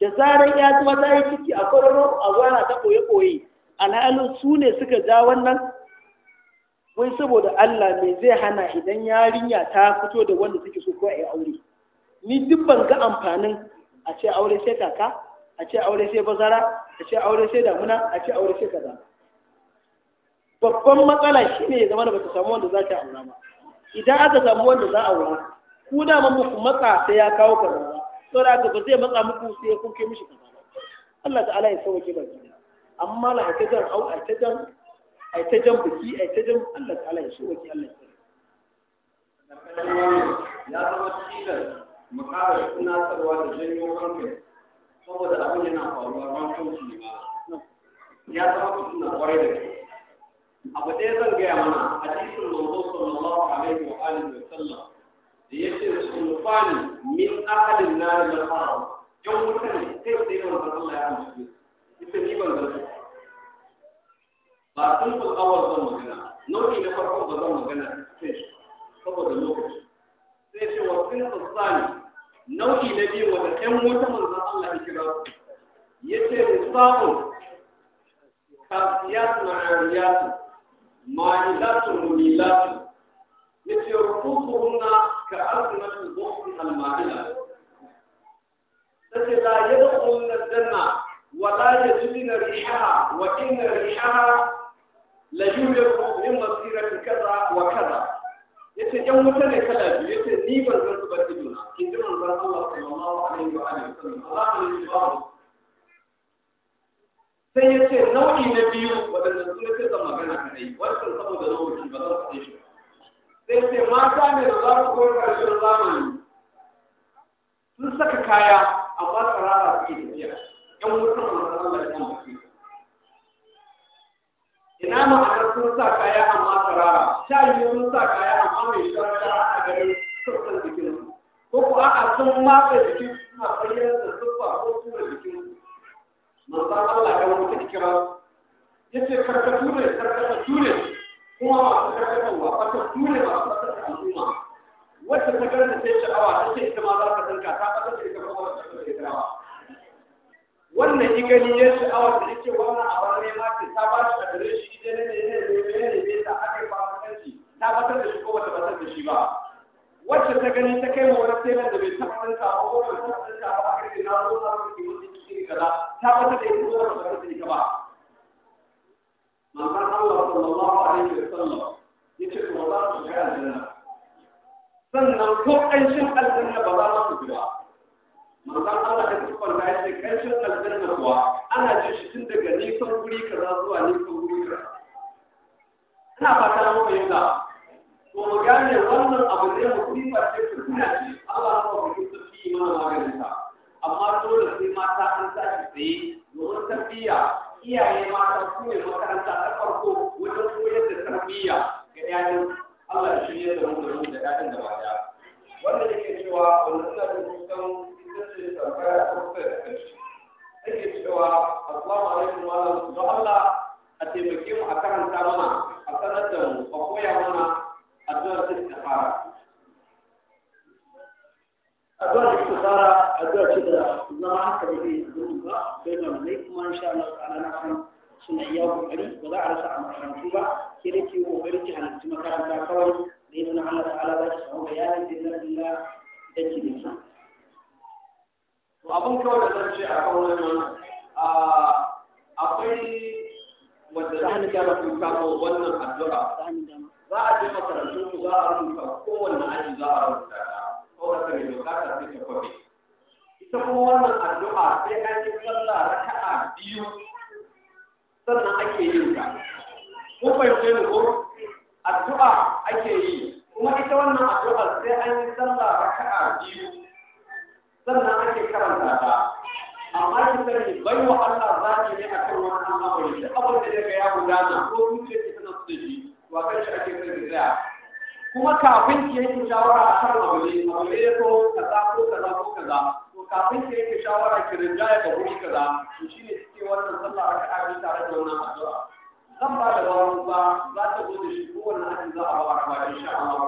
da zarar ya zuwa ta yi ciki a kwararo a zuwa ta koye-koye alhalin su ne suka ja wannan wai saboda Allah me zai hana idan yarinya ta fito da wanda take so ko a yi aure ni duk ban ga amfanin a ce aure sai kaka a ce aure sai bazara a ce aure sai damuna a ce aure sai kaza babban matsala shine ya zama da bata samu wanda za ta aura ba idan aka samu wanda za a aura ku da ma muku matsa sai ya kawo kaza ba da aka ba zai matsa muku sai kun kai mishi kaza Allah ta'ala ya sauke ba amma la hakajan au jan. ai ta jan biki ai ta jan Allah ta'ala ya so waki Allah ya zama cikin makarar tunatarwa da janyo hankali saboda abin yana faruwa ban kauci ne ba ya zama fitina kwarai da gaske abu ɗaya zan gaya mana hadisin manzo sallallahu alaihi wa alihi wa sallam da yace sulfani min ahlin nar al-haram yan wuta ne sai sai manzo Allah ya amsa ita ni ban zarta ba tun ku awal zan magana nau'i na farko ba zan magana sai shi saboda lokaci sai ce wa sun tsani nau'i na biyu wanda ɗan wata manzan Allah ya kira su ya ce musa'un kasiyatu na ariyatu ma'ilatu mumilatu ya ce rukukuhunna ka arzinatu zuhun al-ma'ila ta ce la yadda kullum janna ولا يجدن ريحها وإن ريحها la yujaru min masirati kaza wa kaza yace yan wuta ne kala biyu yace ni ban san su ba ido na in ji manzon Allah sallallahu alaihi wa alihi wasallam Allahu ba. sai yace nau'i na biyu wadanda su ne suka magana kai wato saboda nau'i ba za su shi sai ce mata ne da za su koyi karshen zamani sun saka kaya amma tsarara su yi tafiya yan wutan ne Allah ma'anar sun sa kaya amma sarara sha biyu sun sa kaya amma mai shara a garin sassan jikin ko ko a'a sun matsa jikin suna bayyana da siffa ko suna jikin manzan Allah ya wani kira ce karkatu ne karkatu kuma masu karkatarwa fatattu ne ba fatattu al'umma ba ta garin da ta yi sha'awa ta ce ita ma za ka tanka ta fatattu ita wannan in gani ya sha'awar da yake wannan abin ne ma ce ta ba shi a shi ita ne ne ne ne ne ne ta aka yi fasikanci ta fasa da shi ko wata batar da shi ba wacce ta gani ta kai ma wani tailan da bai taɓa ɗinka ba ko bai taɓa ɗinka ba aka yi na zo na rufe wani cikin kaza ta fasa da ita ko bata batar da ba manzon Allah sallallahu alaihi wa sallam ce to za su ga aljanna sannan ko ƙanshin aljanna ba za su ji ba manzan Allah da kuma da ya ce karshen aljanna kuwa ana jin shi tun daga nisan guri kaza zuwa nisan guri kaza ina fata mu fahimta to mu gane wannan abu ne mu kuma ce ku kuna Allah ya ba ku tafi mana maganin ta amma dole sai mata an tashi tsaye domin tarbiyya iyaye mata su ne makaranta ta farko wajen koyar da tarbiyya ga 'ya'yan Allah ya shirya da mu da mu da 'ya'yan da ba da wanda yake cewa wannan da sai da kaya ko sai da kashi take cewa assalamu alaikum wa rahmatullahi wa Allah a taimake mu a karanta mana a sanar da mu a koya mana addu'ar istikhara addu'ar istikhara addu'a ce da zama haka da ke zuwa bai mamalai kuma insha Allah ta'ala na san suna iya kokari ba za a rasa a makarantu ba ke da ke kokari ki halarci makaranta kawai da idan Allah ta'ala za ki samu bayanin da na da ke da abin kawai da zan ce a kawai nan akwai wanda za ni gaba kun kawo wannan addu'a za a je makarantun su za a rubuta kowanne aji za a rubuta ko kawai kare doka ta sai ta kwafe ita kuma wannan addu'a sai an yi sallah raka'a biyu sannan ake yin ta ko ce ni ko addu'a ake yi kuma ita wannan addu'a sai an yi sallah raka'a biyu sannan ake karanta ta amma ki sani bai wa Allah zaki ne akan wani al'amari da abin da gaya ya gudana ko kuke ki sanar da shi to akan shi ake sani da kuma kafin ki yanke shawara a kan abu ne abu ne ya so kaza ko kaza ko kaza to kafin ki yanke shawara ki ya ga wuri kaza to ne cikin wannan sallah aka abi tare da wannan addu'a zan ba da ba za ta zo shi kowane hadin za a ba a ba insha Allah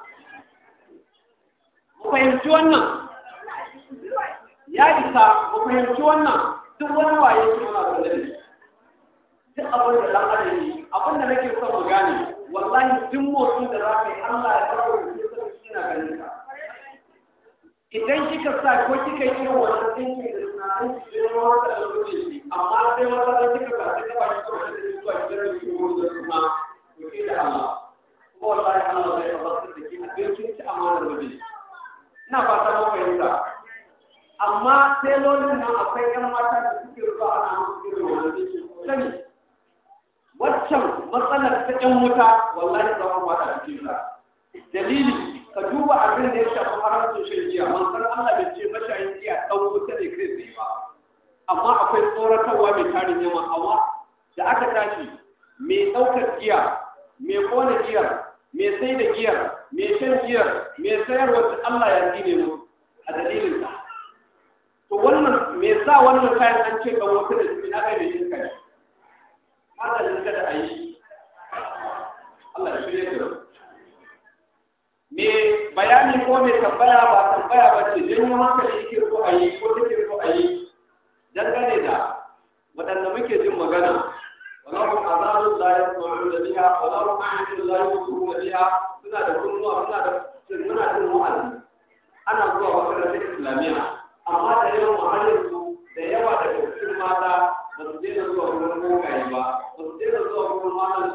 fahimci wannan ya isa mu fahimci wannan duk wani waye ke mana da ne duk abin da dan ne abin da nake son mu gane wallahi duk motsin da za ka yi Allah ya fara da shi yana ganin ka idan kika sa ko kika yi irin wannan dinki da sunan shi ne wanda da lokaci amma sai wata da kika ka sai ba shi ko da shi zuwa gidan shi ko da kuma ko da Allah ko wallahi Allah zai fara da ki a cikin amanar da ina fata mun fahimta amma sai lolin nan akwai 'yan mata da suke zuwa a nan irin wannan sani waccan matsalar ta 'yan wuta wallahi za mu fada cikin ta dalili ka duba abin da ya shafi haramcin shan jiya, manzon Allah bai ce mashayin jiya ɗan wuta ne kai tsaye ba amma akwai tsoratarwa mai tarin yawa hawa da aka tashi mai ɗaukar giya mai kona giyar Me sai da giyar me shan giyar me sayarwa wata Allah ya tsine mu a dalilin sa to wannan me sa wannan kayan an ce ga wata da cikin aka yi shirka ne Allah ya kada a ayi. Allah ya shirya da me bayani ko me tambaya ba tambaya ba ce janyo hankali yake ko a yi ko take ko a yi dangane da wadanda muke jin magana ولهم أذان لا يسمعون بها ولهم أعين لا يبصرون بها suna da kunnuwa suna da suna jin wa'azi ana zuwa makarantar islamiyya amma da yawan muhallin su da yawa daga cikin mata ba su daina zuwa wurin kokaye ba ba su daina zuwa wurin malam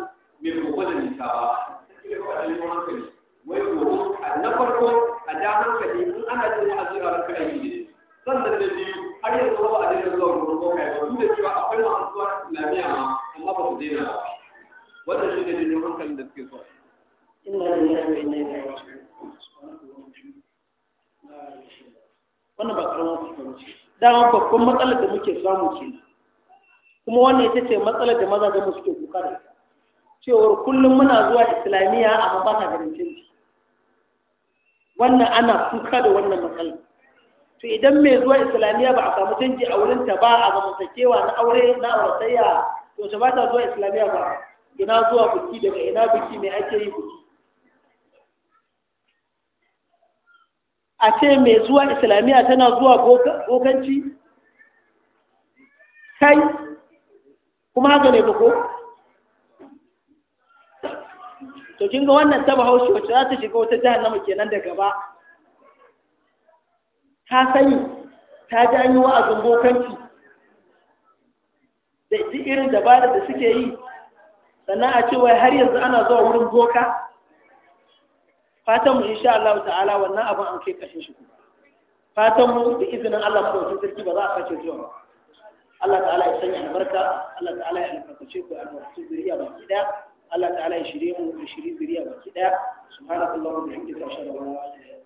mai gobe da nisa ba cikin kwaɗin hankali farko a da in ana jin wa'azi a ranka ne sannan da biyu har yanzu ba a daina zuwa gurbin kai ba duk da cewa akwai zuwa islamiyya ma amma ba su daina ba wannan shi ne jirgin hankalin da suke so. wannan ba karamar cutar ce dama babban matsalar da muke samu ke kuma wannan ita ce matsalar da maza mu suke kuka da cewar kullum muna zuwa islamiyya amma ba ta ganin canji wannan ana kuka da wannan matsalar to idan mai zuwa islamiyya ba a samu canji a wurin ta ba a zamantakewa na aure na auratayya to ta ba ta zuwa islamiyya ba ina zuwa buki daga ina buki mai ake yi buki? a ce mai zuwa islamiyya tana zuwa bokanci kai kuma haka ne ko to kin ga wannan ta Bahaushe wacce za ta shiga wata jihar jahannama kenan da gaba ta sani ta ji an yi wa'azin bokanci da duk irin dabarar da suke yi sannan a cewa har yanzu ana zuwa wurin boka Fatanmu mu insha Allah ta'ala wannan abin an kai kashin shi fatanmu da izinin Allah madaukakin sarki ba za a kace zuwa ba Allah ta'ala ya sanya albarka Allah ta'ala ya albarkace ku albarkace zuriya baki daya Allah ta'ala ya shirye mu da shirye zuriya baki daya subhanallahi wa bihamdihi wa shukran la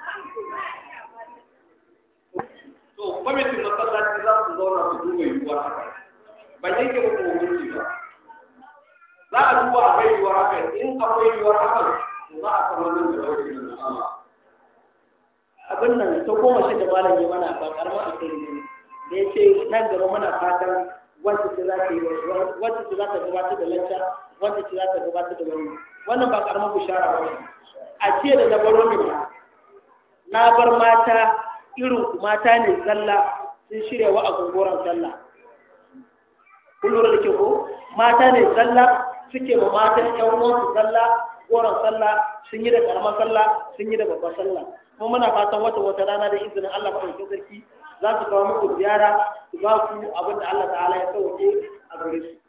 to kwamitin masallaci za su zauna su duba yiwuwar haka ban yanke muku hukunci ba za a duba akwai yiwuwar haka in akwai yiwuwar haka za a kama nan da ɗauki da musamman abin nan ta goma shi da malam ya mana ba a kai ne da ya ce nan gaba muna fatan wacce ce za ta yi wacce ce za ta gabatar da lacca wacce ce za ta gabatar da wani wannan ba karamar bishara ba ne a ce da na baro ne na bar mata iru mata ne sallah sun shirya wa agogoran sallah kun da ke ko mata ne sallah suke ma matan ƴan uwansu sallah goron sallah sun yi da karamar sallah sun yi da babbar sallah kuma muna fatan wata wata rana da izinin Allah madaukakin sarki za su kawo muku ziyara su ba ku abin da Allah ta'ala ya sauke a gare su